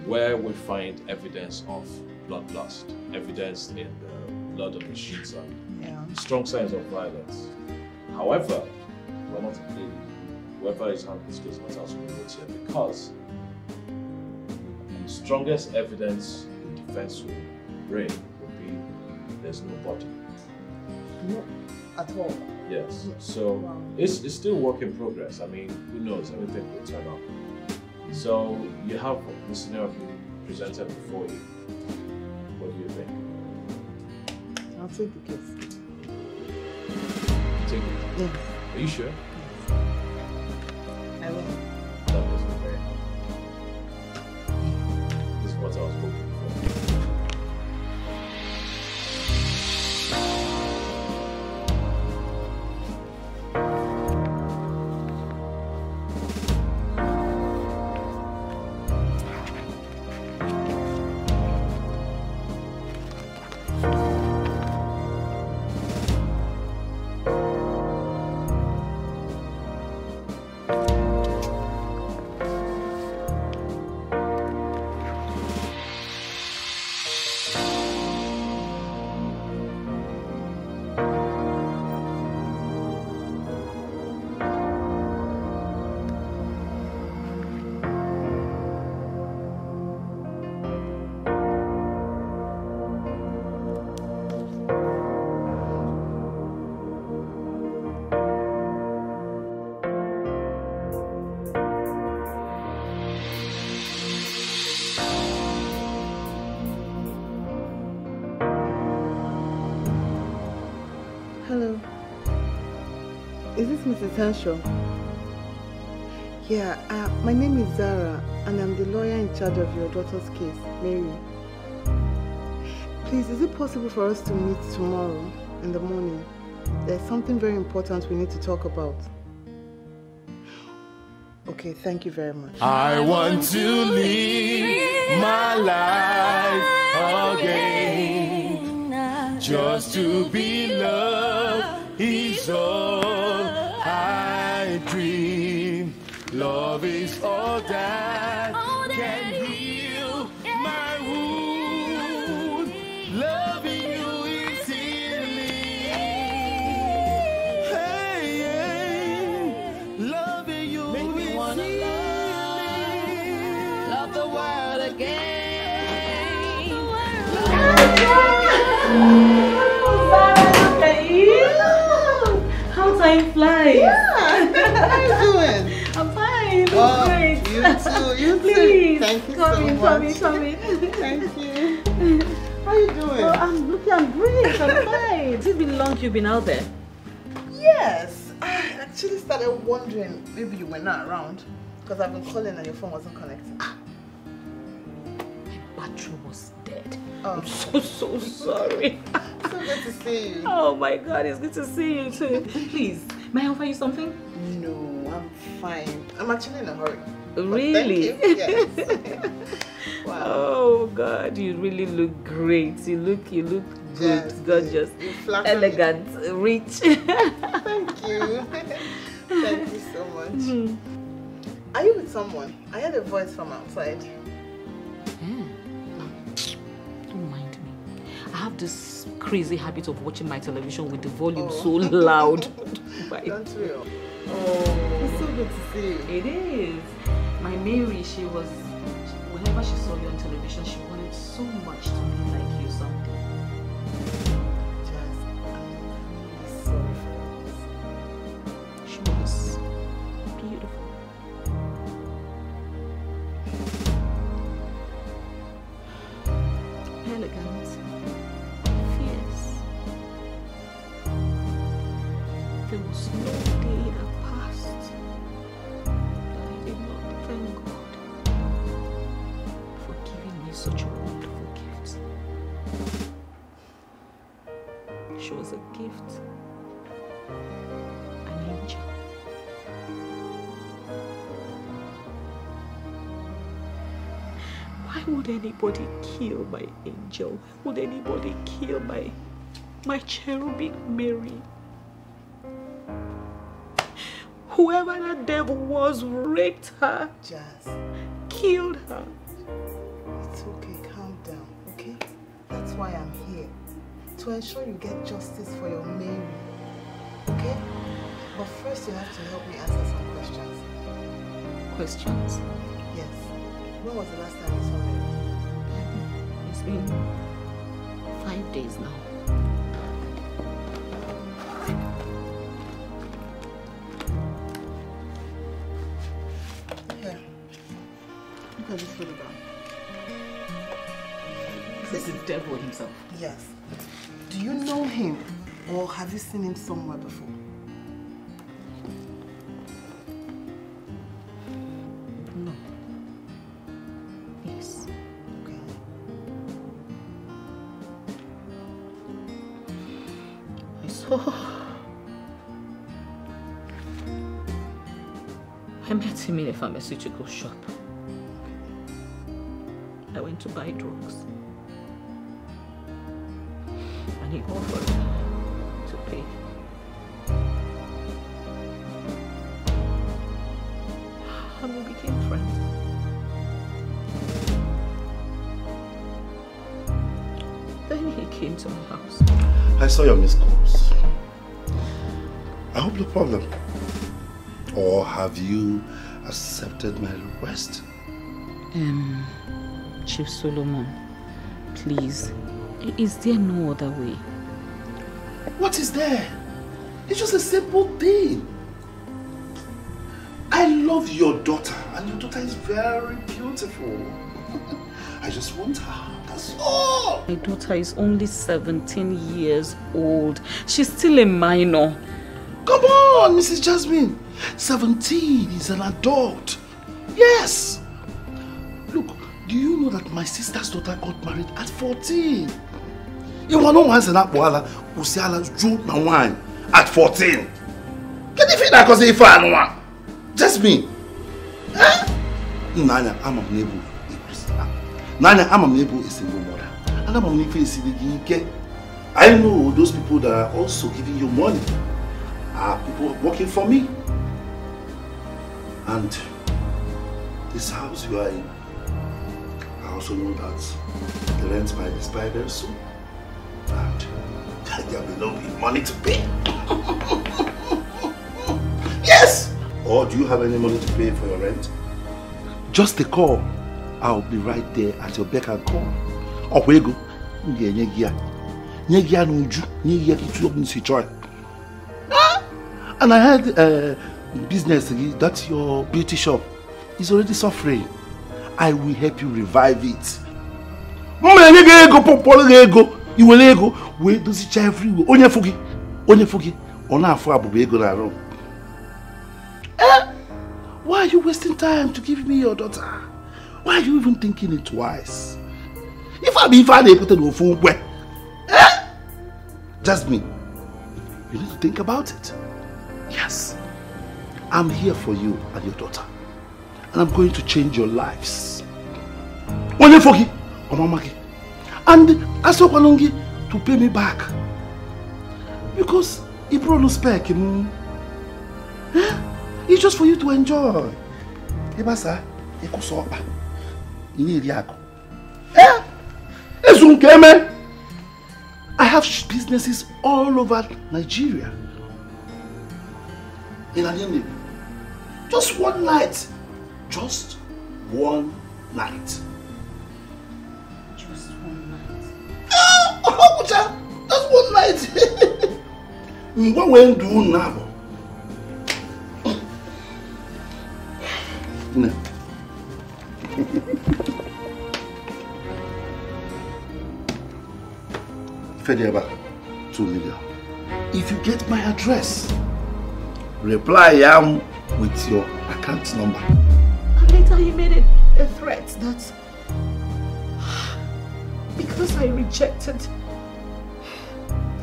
where we find evidence of bloodlust, evidence in the blood of the shooter, yeah. strong signs of violence. However, we're not including whoever is handling this case matters also here because the strongest evidence the defense will bring would be there's no body. No, at all. Yes. So it's, it's still work in progress. I mean, who knows? Everything will turn up. So you have the scenario presented before you. What do you think? I'll take the kiss. Take it. Yes. Are you sure? Yes. is essential. Yeah, uh, my name is Zara, and I'm the lawyer in charge of your daughter's case, Mary. Please, is it possible for us to meet tomorrow in the morning? There's something very important we need to talk about. Okay, thank you very much. I want to live my life again, just to be loved is all. Love is all that, can heal my wound. Loving you is healing. Hey, hey. loving you is healing. Make me wanna Love, love the world again. Love the world. How time flies. Yeah. you for Thank you. How are you doing? Oh, I'm looking, I'm great, I'm fine. It's been long you've been out there. Yes. I actually started wondering, maybe you were not around. Because I've been calling and your phone wasn't connecting. Ah. My battery was dead. Oh. I'm so, so sorry. so good to see you. Oh my God, it's good to see you too. Please, may I offer you something? No, I'm fine. I'm actually in a hurry. Really? Yes. wow. Oh God, you really look great. You look you look good, yes, gorgeous, elegant, me. rich. Thank you. Thank you so much. Mm. Are you with someone? I heard a voice from outside. Don't mind me. I have this crazy habit of watching my television with the volume oh. so loud. Don't we all? Oh, it's so good to see you. It is my Mary, she was, whenever she saw you on television, she wanted so much to be like anybody kill my angel? would anybody kill my my cherubic Mary? Whoever that devil was raped her. Jazz. Killed her. It's okay, calm down, okay? That's why I'm here. To ensure you get justice for your Mary. Okay? But first you have to help me answer some questions. Questions? Yes. When was the last time you saw me? been five days now. Yeah. Look at this photograph. This is devil himself. Yes. Do you know him or have you seen him somewhere before? I met him in a pharmaceutical shop. I went to buy drugs. And he offered to pay. And we became friends. Then he came to my house. I saw your missed calls solved the problem? Or have you accepted my request? Um, Chief Solomon, please, is there no other way? What is there? It's just a simple thing. I love your daughter, and your daughter is very beautiful. I just want her, that's all. My daughter is only 17 years old. She's still a minor. Come on, Mrs. Jasmine. 17 is an adult. Yes. Look, do you know that my sister's daughter got married at 14? You want wá ń sẹ̀ lápò ala kò sí ala jó wine at 14. Kí ni fìdá kan sí ifá àánú one. Jasmine. Eh? Nanya Amamnebu a Christian. Nanya Amamnebu a single mother. And Amamnebu is in the UK. I know those people that are also giving you money are ah, people working for me. And this house you are in, I also know that the rent might expire very soon. And there will not be money to pay. yes! Or do you have any money to pay for your rent? Just a call. I'll be right there at your beck and call. Oh, where go? Okwego, nye nye gia. Nye gia n'uju, nye gia ki tuyok nisi choy. And I heard uh, business, that your beauty shop, is already suffering. I will help you revive it. Mmele ga ego popolo ga ego iwere ego wee dozicha everywhere onye fụ gị onye fụ gị ọ na eh? why are you wasting time to give me your daughter why are you even thinking it twice ife a bụ ife a na-ekweta n'ofu Just me. you need to think about it Yes. I'm here for you and your daughter. And I'm going to change your lives. Only for you, And Asokwanongi to pay me back. Because he brought no spec. It's just for you to enjoy. Ebasa, Ekosopa. Iniriako. Eh? I have businesses all over Nigeria in evening. Just one night. Just one night. Just one night. Oh, ah! that's one night. What will do now? No. Fediaba, 2 million. If you get my address, reply am with your account number. And later he made it a threat that because I rejected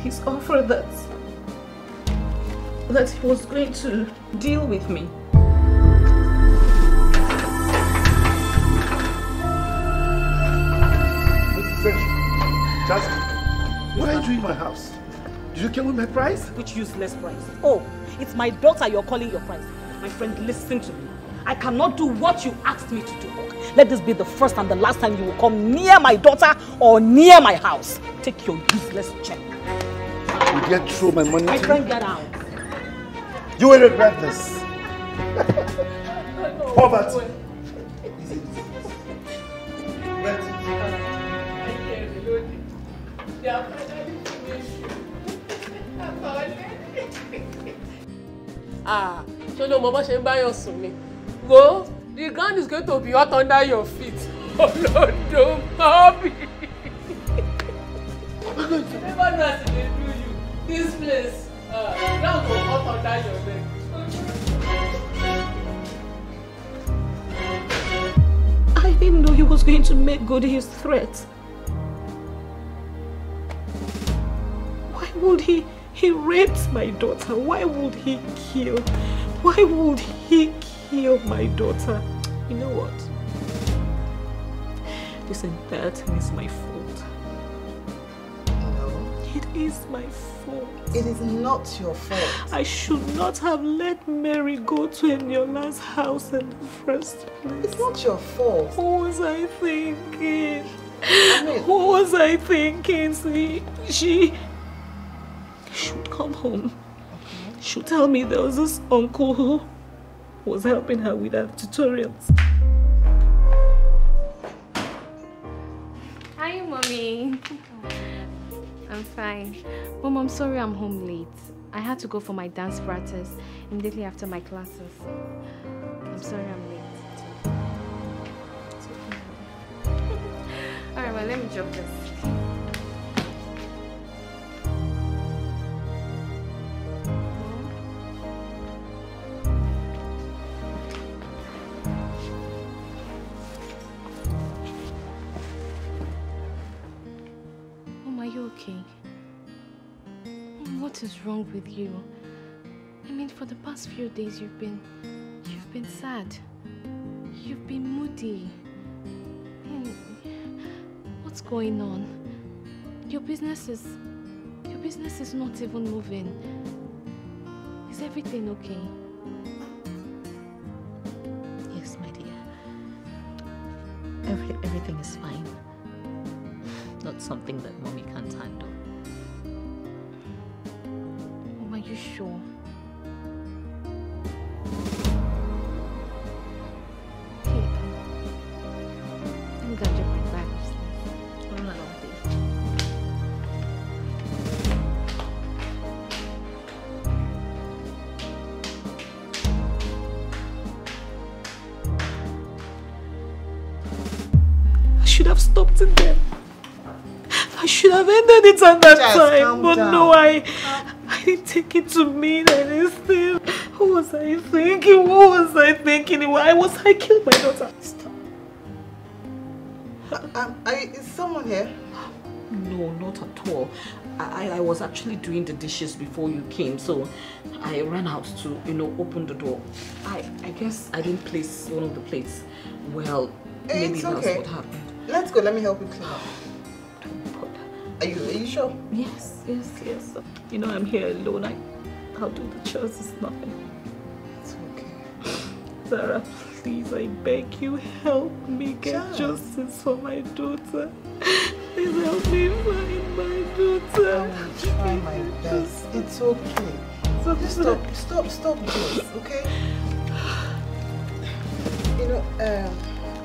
his offer that that he was going to deal with me. Just what are you doing in my house? Did you kill with my price? Which useless price? Oh, it's my daughter you're calling your price. My friend, listen to me. I cannot do what you asked me to do. Let this be the first and the last time you will come near my daughter or near my house. Take your useless check. You get through my money. My friend, get out. You will regret this. Poverty. ah so ló mama bó buy ń báyọ̀ sùn ni the ground is going to be hot under your feet Oh mọ́bì. never know as e dey do you this place uh, ground go hot under your leg. I didn't know he was going to make good his threat. Why would he? He raped my daughter. Why would he kill? Why would he kill my daughter? You know what? This entire thing is my fault. No. It is my fault. It is not your fault. I should not have let Mary go to Eniola's house in the first place. It's not your fault. What was I thinking? I mean, what was I thinking? See, she she come home. Okay. She will tell me there was this uncle who was helping her with her tutorials. Hi, Mommy. I'm fine. Mom, I'm sorry I'm home late. I had to go for my dance practice immediately after my classes. I'm sorry I'm late. Alright, well, let me drop this. What is wrong with you? I mean, for the past few days, you've been... You've been sad. You've been moody. what's going on? Your business is... Your business is not even moving. Is everything okay? Yes, my dear. Every, everything is fine. Not something that mommy can't handle. Mom, oh, are you sure? pretended it's at that Just time, but down. no, I, I didn't take it to mean anything. What was I thinking? What was I thinking? Why was I killed my daughter? Stop. Uh, um, I, is someone here? No, not at all. I, I was actually doing the dishes before you came, so I ran out to, you know, open the door. I, I guess I didn't place one of the plates well. Maybe it's okay. that's what happened. Let's go. Let me help you clean up. Are you, are you sure? Yes, yes, yes. You know I'm here alone. I, I'll do the chores. It's nothing. It's okay. Sarah, please, I beg you, help me get Child. justice for my daughter. Please help me find my daughter. I will try my best. It's okay. Stop, stop, stop, stop this, okay? You know, uh,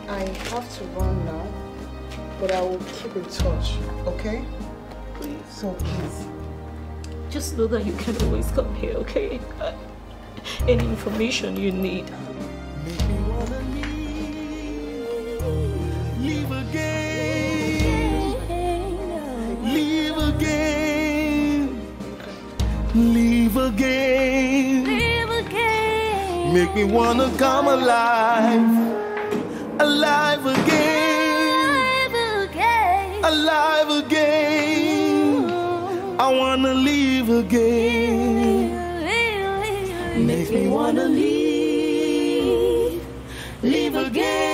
I have to run now, but I will keep in touch, okay? please. So please. Just know that you can always come here, okay? Any information you need. Leave again. Leave again. Make me wanna come alive. Alive again. Alive again. Alive again. I wanna leave again. Makes me wanna leave, leave again.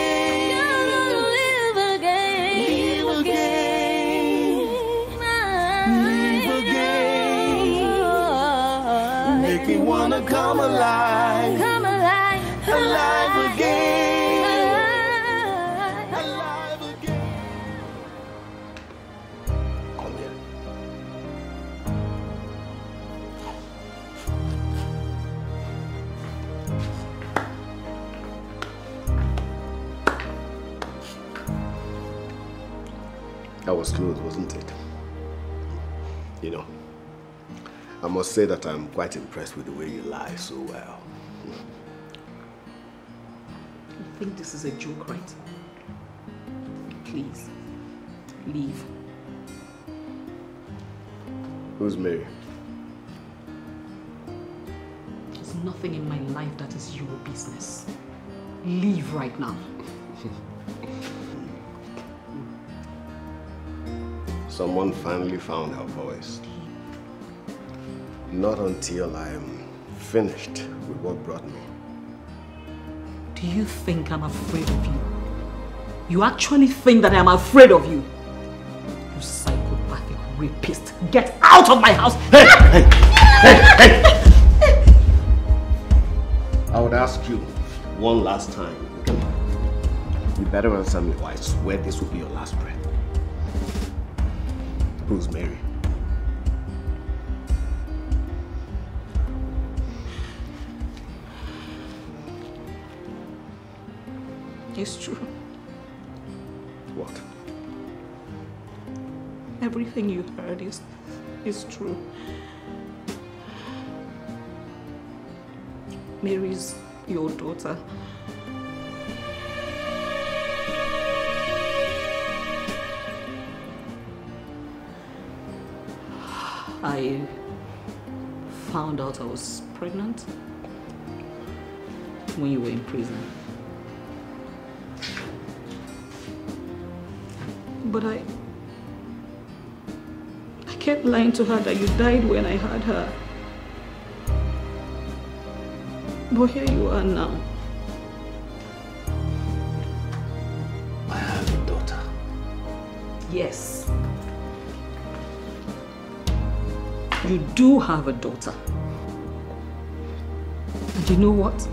was closed, wasn't it? You know, I must say that I'm quite impressed with the way you lie so well. You think this is a joke, right? Please, leave. Who's Mary? There's nothing in my life that is your business. Leave right now. someone finally found her voice. Not until I'm finished with what brought me. Do you think I'm afraid of you? You actually think that I'm afraid of you? You psychopathic rapist. Get out of my house! Hey! hey! Hey! Hey! I would ask you one last time. You better answer me or I swear this will be your last breath. Who's Mary? It's true. What? Everything you heard is, is true. Mary's your daughter. I found out I was pregnant when you were in prison. But I, I kept lying to her that you died when I had her. But here you are now. I have a daughter. Yes. you do have a daughter. And you know what?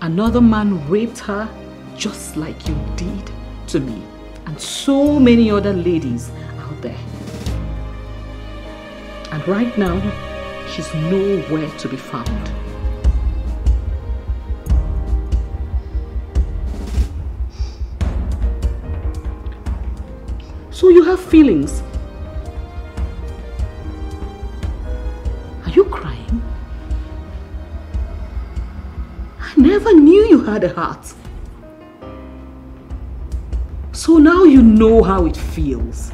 Another man raped her just like you did to me and so many other ladies out there. And right now, she's nowhere to be found. So you have feelings. never knew you had a heart. So now you know how it feels.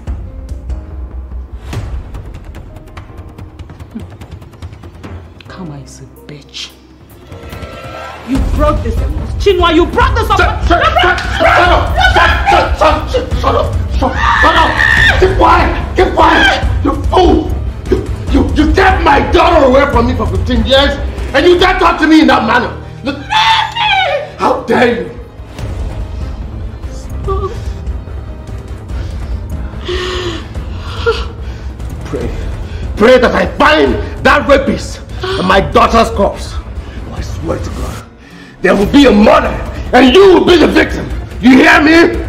Karma is a bitch. You brought this on us. you brought this on us. Shut, shut, shut, up! Shut, shut, shut, shut up! Shut, shut up! Keep quiet! Keep quiet! You fool! You, you, you kept my daughter away from me for 15 years and you dare talk to me in that manner! How dare you? Pray. Pray that I find that rapist and my daughter's corpse. Oh, I swear to God, there will be a murder and you will be the victim. You hear me?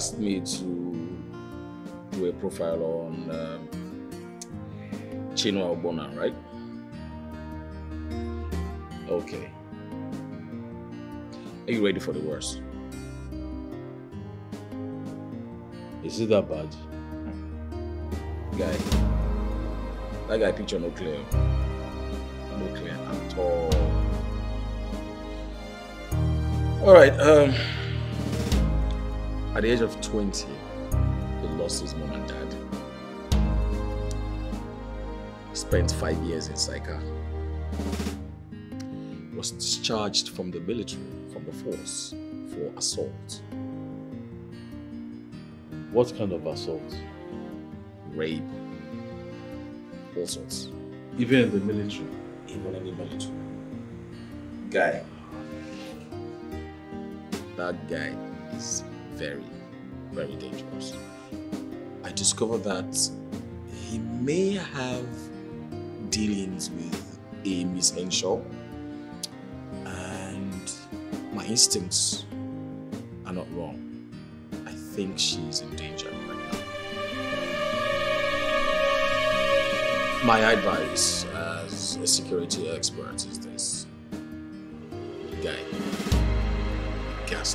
asked me to do a profile on um, Chinua Obona, right? Okay. Are you ready for the worst? Is it that bad? Guy, that guy picture no clear. No clear at all. All right, um... At the age of 20, he lost his mom and dad. Spent five years in Saika. Was discharged from the military, from the force, for assault. What kind of assault? Rape. All sorts. Even in the military? Even in the military. Guy. That guy is very, very dangerous. I discovered that he may have dealings with a Miss Henshaw, and my instincts are not wrong. I think she's in danger right now. My advice as a security expert is this guy, gas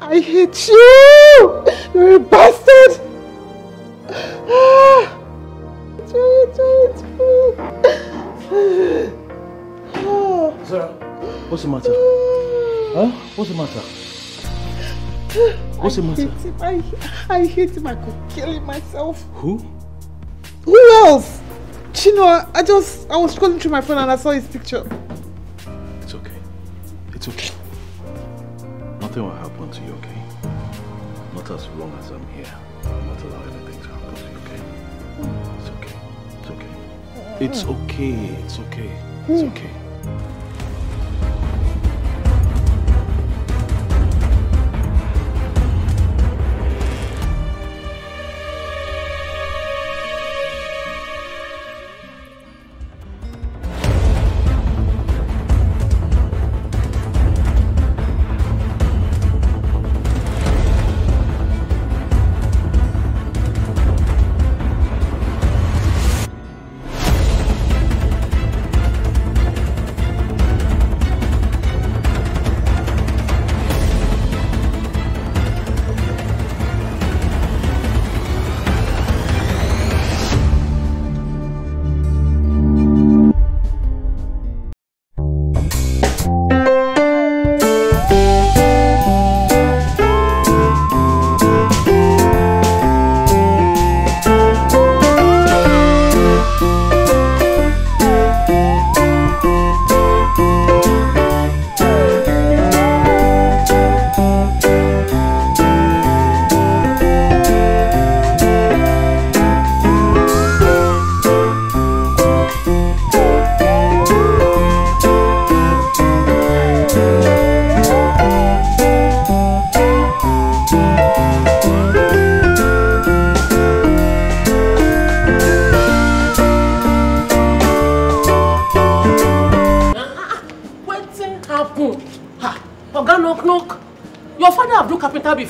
I, hate you. You're a bastard. Ah, it's me, it's me, it's me. Sarah, what's the matter? Huh? What's the matter? What's I the matter? Hate him. I, I hate him. I could kill him myself. Who? Who else? you know, I just, I was scrolling through my phone and I saw his picture. It's okay. It's okay. Nothing will happen to you, okay? Not as long as I'm here. I'm not allow anything to happen to you, okay? It's okay. It's okay. It's okay. It's okay. It's hmm. okay. It's okay.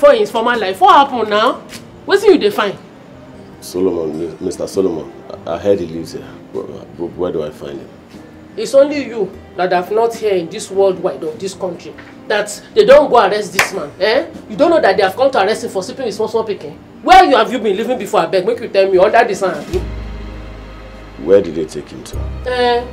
before in his former life what happened now wetin you dey find. solomon mr solomon i heard he lives here where do i find him. it's only you that have not here in this worldwide wide of this country that they don't go arrest this man eh you don't know that they have come to arrest him for sleeping with small small pikin where you have you been living before I beg? make you tell me under the sun. where did they take him to. eh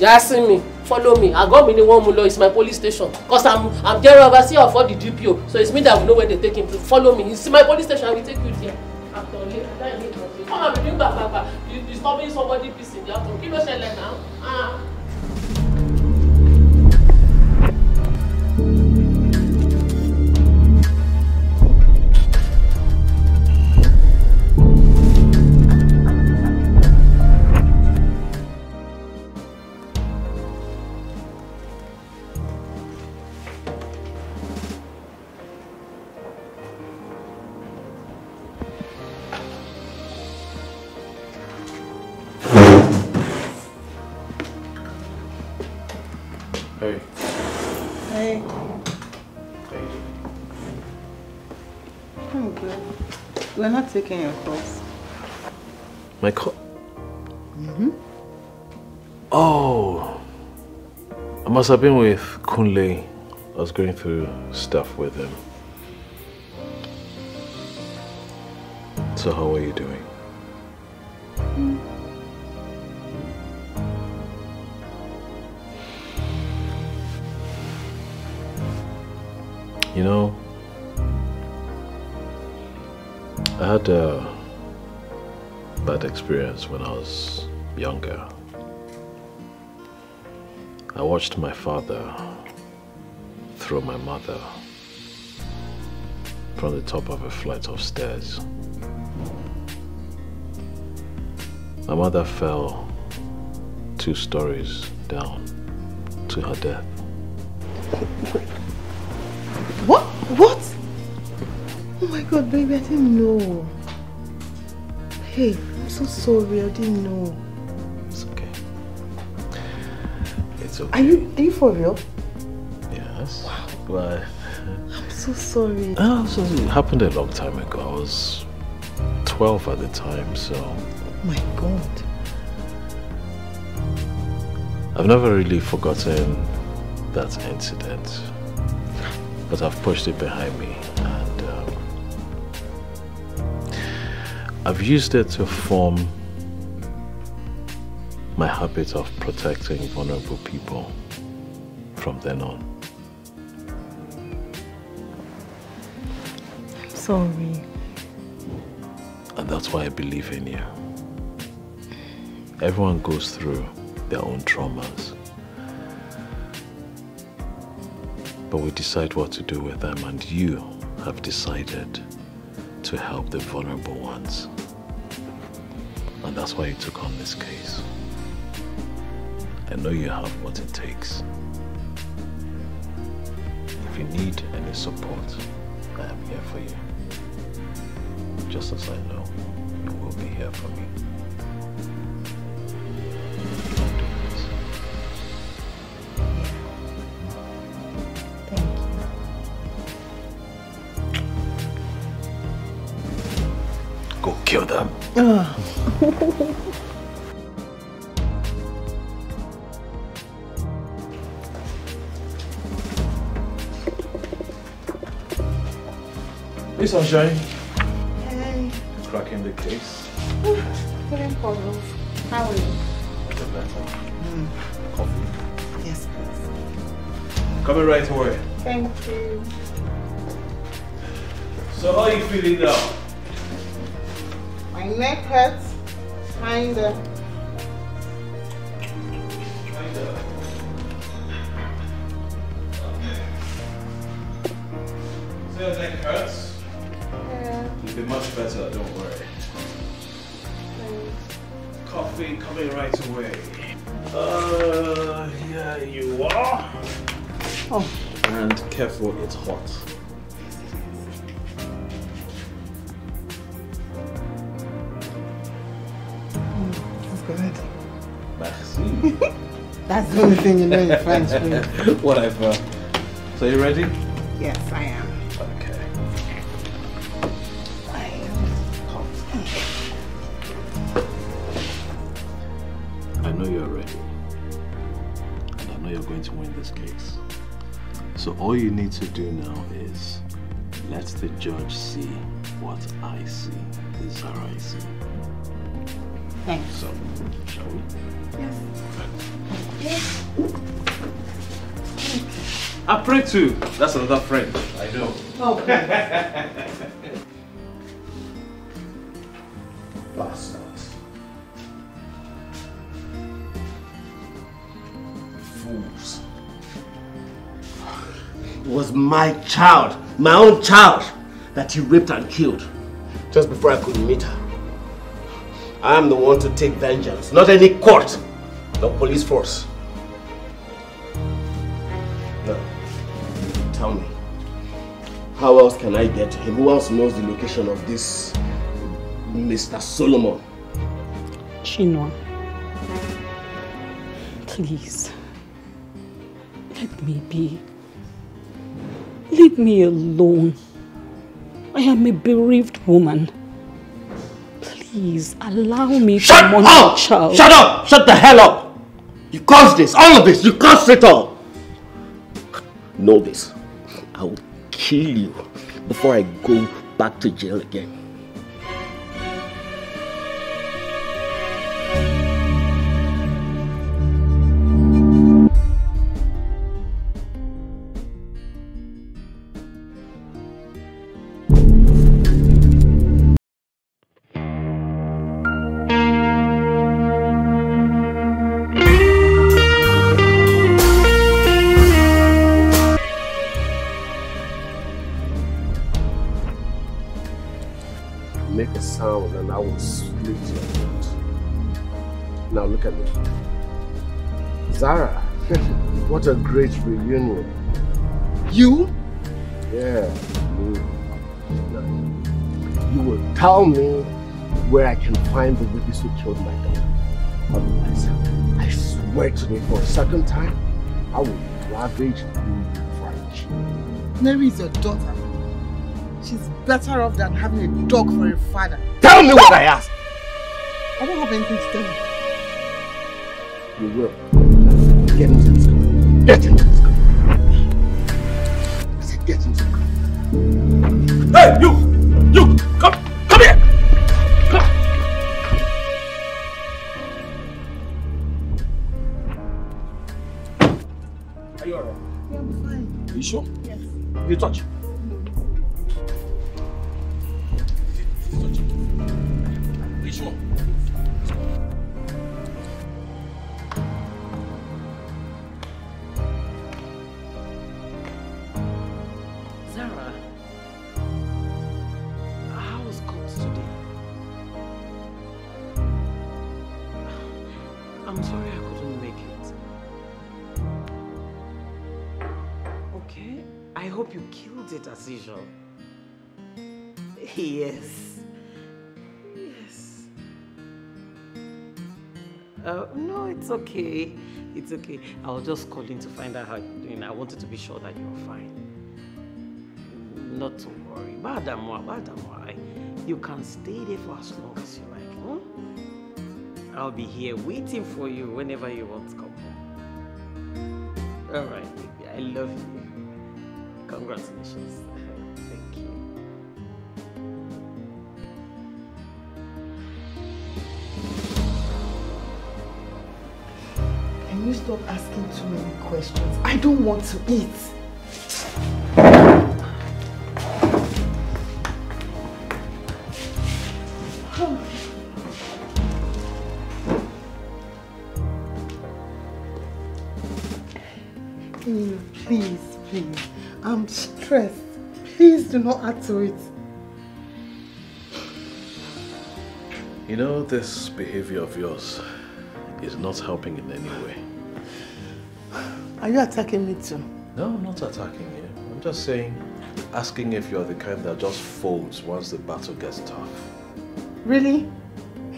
asking me follow me àgọ́ mi ni wọ́n mú lọ it's my police station cause i'm i'm there overseer of all the DPO so it's me that will know where they take him to follow me it's my police station i will take you there. àtọ̀lé Come, ìtọ́jú kọ́mọ̀ mi nígbà gbàgbà you disturbing somebody peace in their home kí ló ṣẹlẹ̀ náà. Ah. taking your course. My course? Mm-hmm. Oh. I must have been with Kunle. I was going through stuff with him. So how are you doing? Mm. You know, I had a bad experience when I was younger. I watched my father throw my mother from the top of a flight of stairs. My mother fell two stories down to her death. What? What? Oh my god, baby, I didn't know. Hey, I'm so sorry, I didn't know. It's okay. It's okay. Are you are you for real? Yes. Wow. Why? I'm so sorry. Oh, so it happened a long time ago. I was 12 at the time, so. Oh my god. I've never really forgotten that incident, but I've pushed it behind me I've used it to form my habit of protecting vulnerable people from then on. I'm sorry. And that's why I believe in you. Everyone goes through their own traumas. But we decide what to do with them, and you have decided to help the vulnerable ones and that's why you took on this case. I know you have what it takes. If you need any support, I am here for you. Just as I know you will be here for me. Jane? Hey. Cracking the case? Putting puzzles. How are you? Better, better. Mm. Coffee? Yes, please. Coming right away. Thank you. So how are you feeling now? My neck hurts. Kinda. That's the only thing you know your French Whatever. So you ready? Yes, I am. Okay. I am. I know you're ready. And I know you're going to win this case. So all you need to do now is let the judge see what I see. This is how I see. Thanks. So, shall we? Yes. I pray too. That's another friend. I know. Oh. Bastard. Fools. It was my child, my own child, that he raped and killed just before I could meet her. I'm the one to take vengeance, not any court, no police force. Now, tell me, how else can I get him? Who else knows the location of this Mr. Solomon? Chinua, please, let me be. Leave me alone. I am a bereaved woman. Please allow me Shut to monitor up! child. Shut up! Shut the hell up! You caused this, all of this, you caused it all! Know this. I will kill you before I go back to jail again. tell me where I can find the witness who killed my daughter. Otherwise, I swear to me for a second time, I will ravage you before I Mary is your daughter. She's better off than having a dog for a father. Tell me what I asked! I don't have anything to tell you. You will. Get into this car. Get into okay. It's okay. I was just calling to find out how you're doing. I wanted to be sure that you're fine. Not to worry. Badamwa, badamwa. You can stay there for as long as you like. Hmm? I'll be here waiting for you whenever you want to come. All right, baby. I love you. Congratulations. Can you stop asking too many questions? I don't want to eat. Mm, please, please. I'm stressed. Please do not add to it. You know, this behavior of yours is not helping in any way. Are you attacking me too? No, I'm not attacking you. I'm just saying, asking if you're the kind that just folds once the battle gets tough. Really?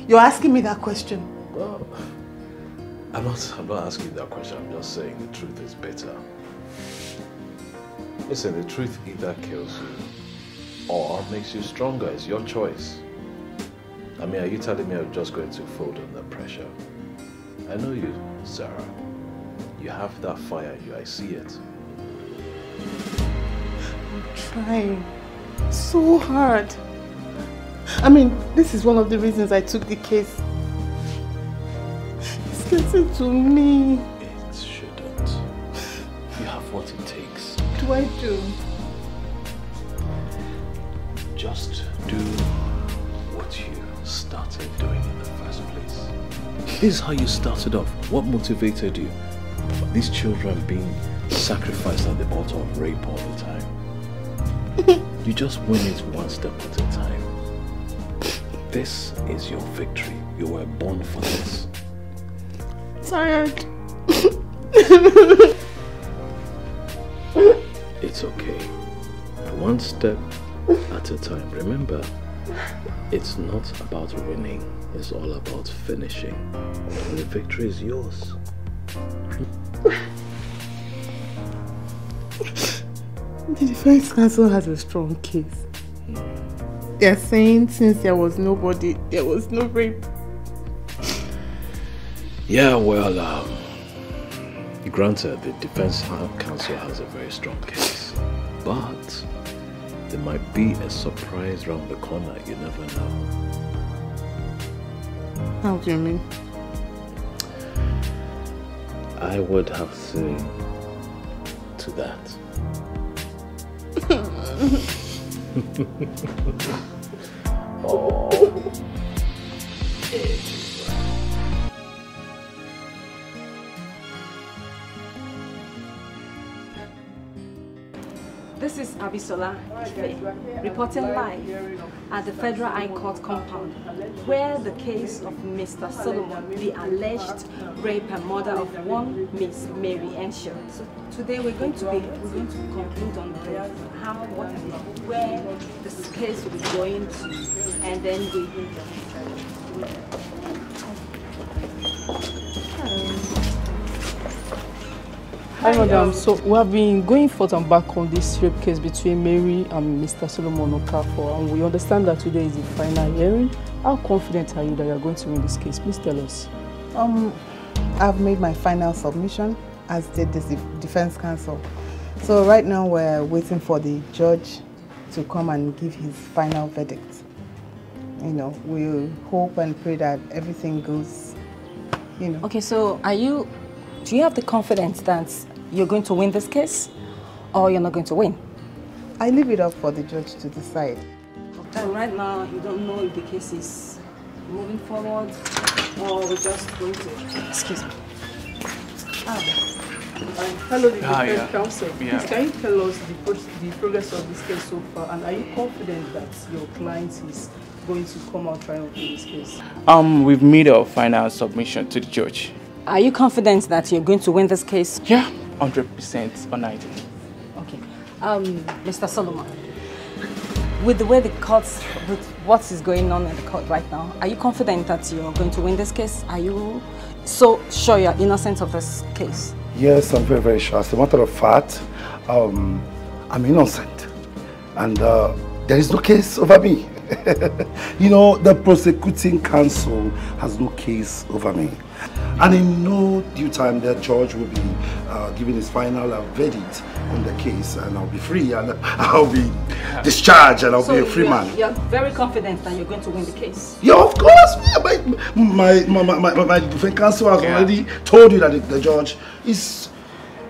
You're asking me that question? Well, I'm not, I'm not asking that question. I'm just saying the truth is better. Listen, the truth either kills you or makes you stronger. It's your choice. I mean, are you telling me I'm just going to fold under pressure? I know you, Sarah. You have that fire in you. I see it. I'm trying so hard. I mean, this is one of the reasons I took the case. It's getting to me. It shouldn't. You have what it takes. What do I do? Just do what you started doing in the first place. Here's how you started off. What motivated you? these children being sacrificed at the altar of rape all the time. you just win it one step at a time. This is your victory. You were born for this. Tired. it's okay. One step at a time. Remember, it's not about winning. It's all about finishing. And the victory is yours. The defense counsel has a strong case. They're saying since there was nobody, there was no rape. Yeah, well, um, granted, the defense counsel has a very strong case. But there might be a surprise round the corner, you never know. How do you mean? I would have say to that. oh. This is Abisola Ife, reporting live at the Federal High Court compound, where the case of Mr. Solomon, the alleged rape and murder of one Miss Mary Enshield. So today we're going to be we're going to conclude on the, how what where this case will be going to, and then we. Hi, madam. So we have been going forth and back on this rape case between Mary and Mr. Solomon Okafo, and we understand that today is the final hearing. How confident are you that you are going to win this case? Please tell us. Um, I've made my final submission, as did the defense counsel. So right now we're waiting for the judge to come and give his final verdict. You know, we hope and pray that everything goes, you know. Okay, so are you do you have the confidence that you're going to win this case or you're not going to win. I leave it up for the judge to decide. right now, you don't know if the case is moving forward or we're just going to... Excuse me. Ah, hello, the ah, yeah. counsel. Yeah. can you tell us the, pro the progress of this case so far and are you confident that your client is going to come out triumphant in this case? Um, we've made our final submission to the judge. Are you confident that you're going to win this case? Yeah, 100% on it. Okay. Um, Mr. Solomon, with the way the court, with what is going on in the court right now, are you confident that you're going to win this case? Are you so sure you're innocent of this case? Yes, I'm very, very sure. As a matter of fact, um, I'm innocent. And uh, there is no case over me. you know, the prosecuting counsel has no case over me. And in no due time, that judge will be uh, giving his final uh, verdict on the case, and I'll be free, and I'll be discharged, and I'll so be a free man. You're very confident that you're going to win the case. Yeah, of course. My my my my, my, my defense counsel has yeah. already told you that the, the judge is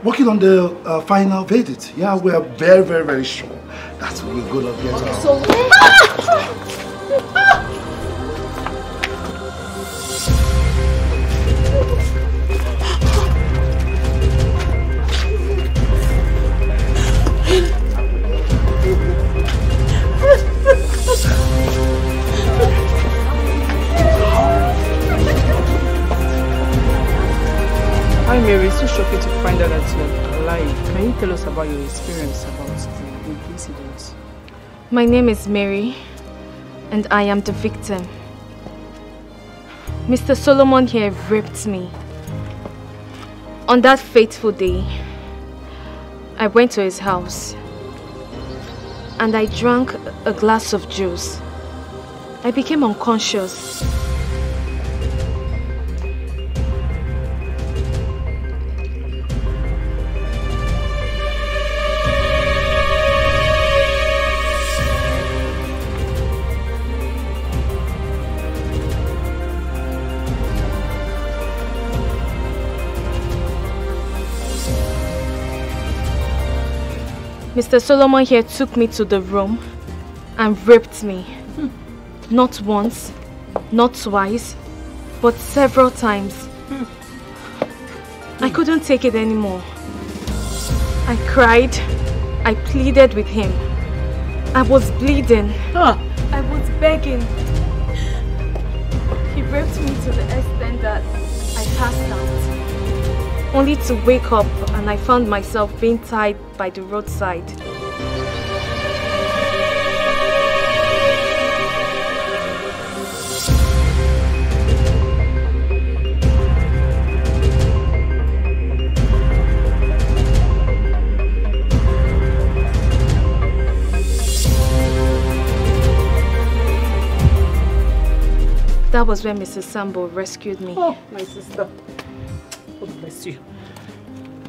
working on the uh, final verdict. Yeah, we are very very very sure that we're going to get. Okay, out. so. Mary, so shocking to find out that you're alive. Can you tell us about your experience about the incident? My name is Mary, and I am the victim. Mr. Solomon here raped me. On that fateful day, I went to his house and I drank a glass of juice. I became unconscious Mr. Solomon here took me to the room and raped me. Hmm. Not once, not twice, but several times. Hmm. I couldn't take it anymore. I cried. I pleaded with him. I was bleeding. Huh. I was begging. He raped me to the extent that I passed out. Only to wake up and I found myself being tied by the roadside. That was where Mrs. Sambo rescued me. Oh, my sister. God bless you.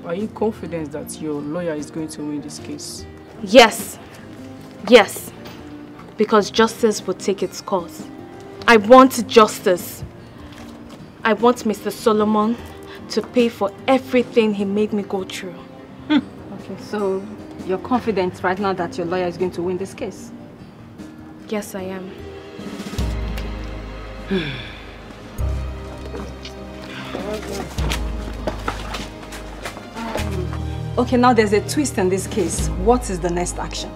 Are you confident that your lawyer is going to win this case? Yes. Yes. Because justice will take its course. I want justice. I want Mr. Solomon to pay for everything he made me go through. Hmm. Okay, so you're confident right now that your lawyer is going to win this case? Yes, I am. okay, now there's a twist in this case. What is the next action?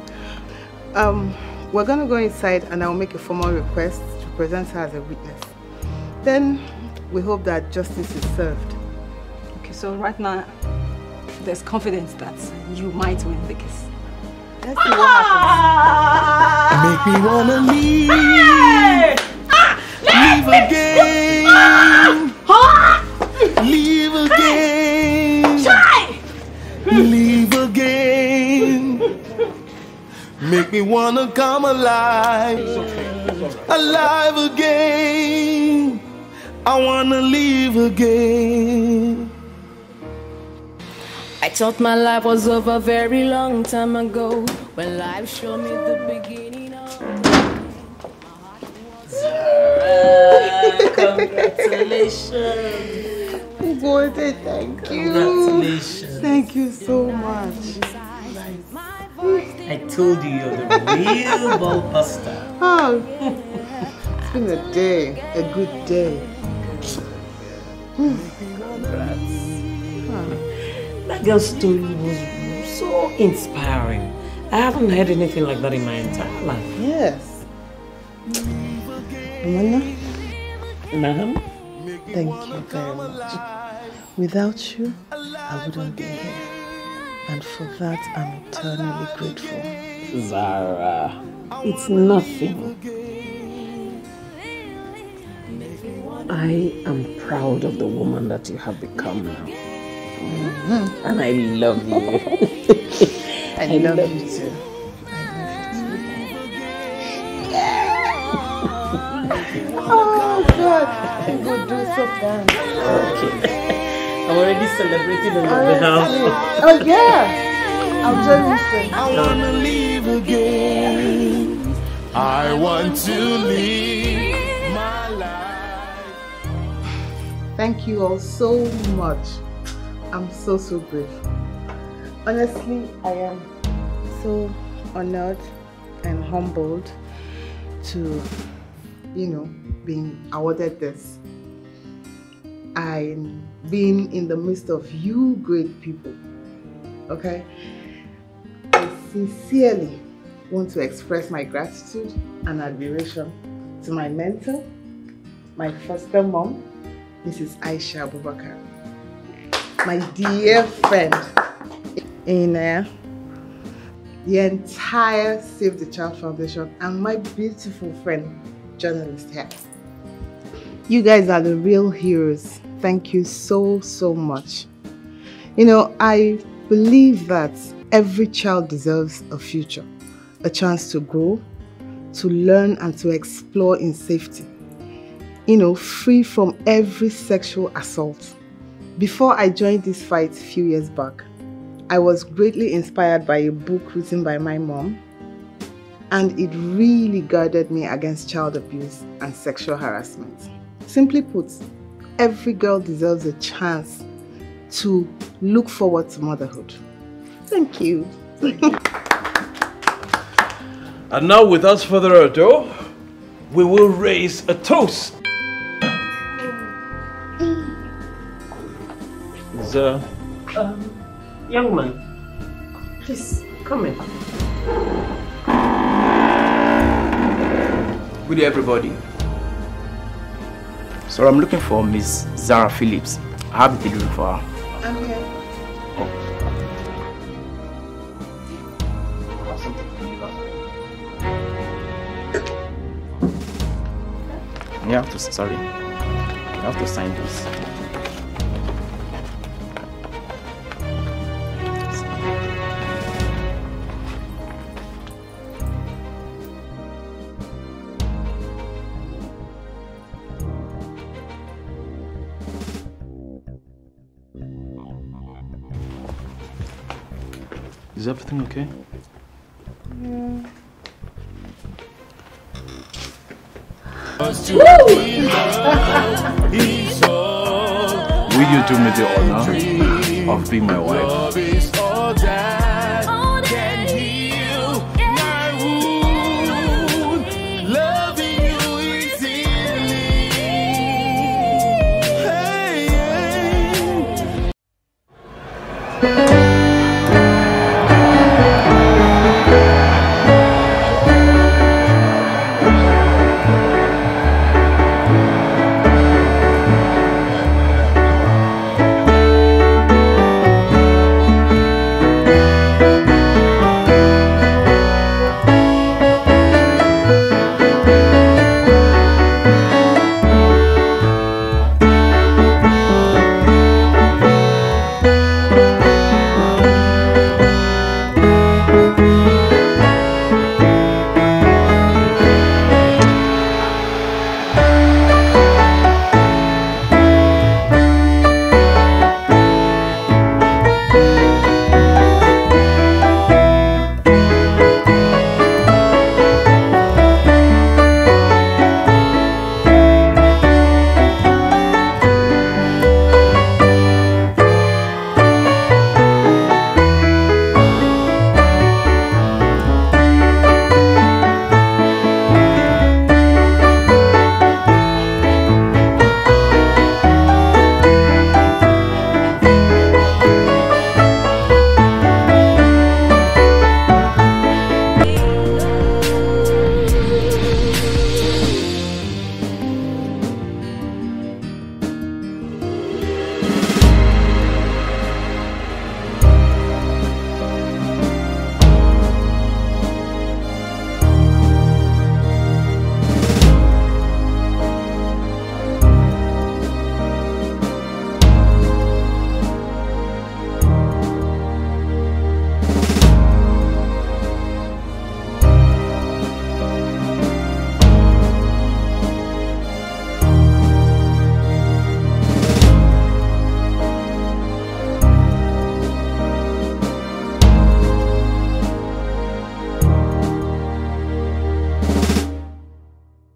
Um, we're going to go inside and I'll make a formal request to present her as a witness. Then we hope that justice is served. Okay, so right now there's confidence that you might win the case. Let's see what happens. Make me wanna leave. Hey! Leave again. Huh? Leave again. Try. Leave again. Make me wanna come alive. Alive again. I wanna leave again. I thought my life was over very long time ago, when life showed me the beginning. Congratulations. Gode, thank you. Congratulations. Thank you so much. I told you you're the real ball buster. Oh, it's been a day, a good day. Congrats. That girl's story was so inspiring. I haven't heard anything like that in my entire life. Yes. Mama, ma'am, thank you very much. Without you, I wouldn't be here. And for that, I'm eternally grateful. Zara, it's nothing. I am proud of the woman that you have become now. Mm -hmm. And I love you. I, I love, love you too. God, I Okay. I'm already celebrating on your behalf. Oh yeah. I'm just listening. I wanna leave again. I want to leave my life. Thank you all so much. I'm so so grateful. Honestly, I am so honored and humbled to, you know, been awarded this. I'm being in the midst of you great people. Okay? I sincerely want to express my gratitude and admiration to my mentor, my foster mom, Mrs. Aisha Abubakar. My dear friend, in the entire Save the Child Foundation and my beautiful friend, journalist here. You guys are the real heroes. Thank you so, so much. You know, I believe that every child deserves a future, a chance to grow, to learn and to explore in safety. You know, free from every sexual assault. Before I joined this fight a few years back, I was greatly inspired by a book written by my mom, and it really guarded me against child abuse and sexual harassment. Simply put, every girl deserves a chance to look forward to motherhood. Thank you. and now, without further ado, we will raise a toast. The uh, um, young man, please come in. Good day, everybody. So I'm looking for Miss Zara Phillips. I have the delivery for her. I'm here. Oh. You have to, sorry, you have to sign this. everything okay? Yeah. Will you do me the honor of being my wife?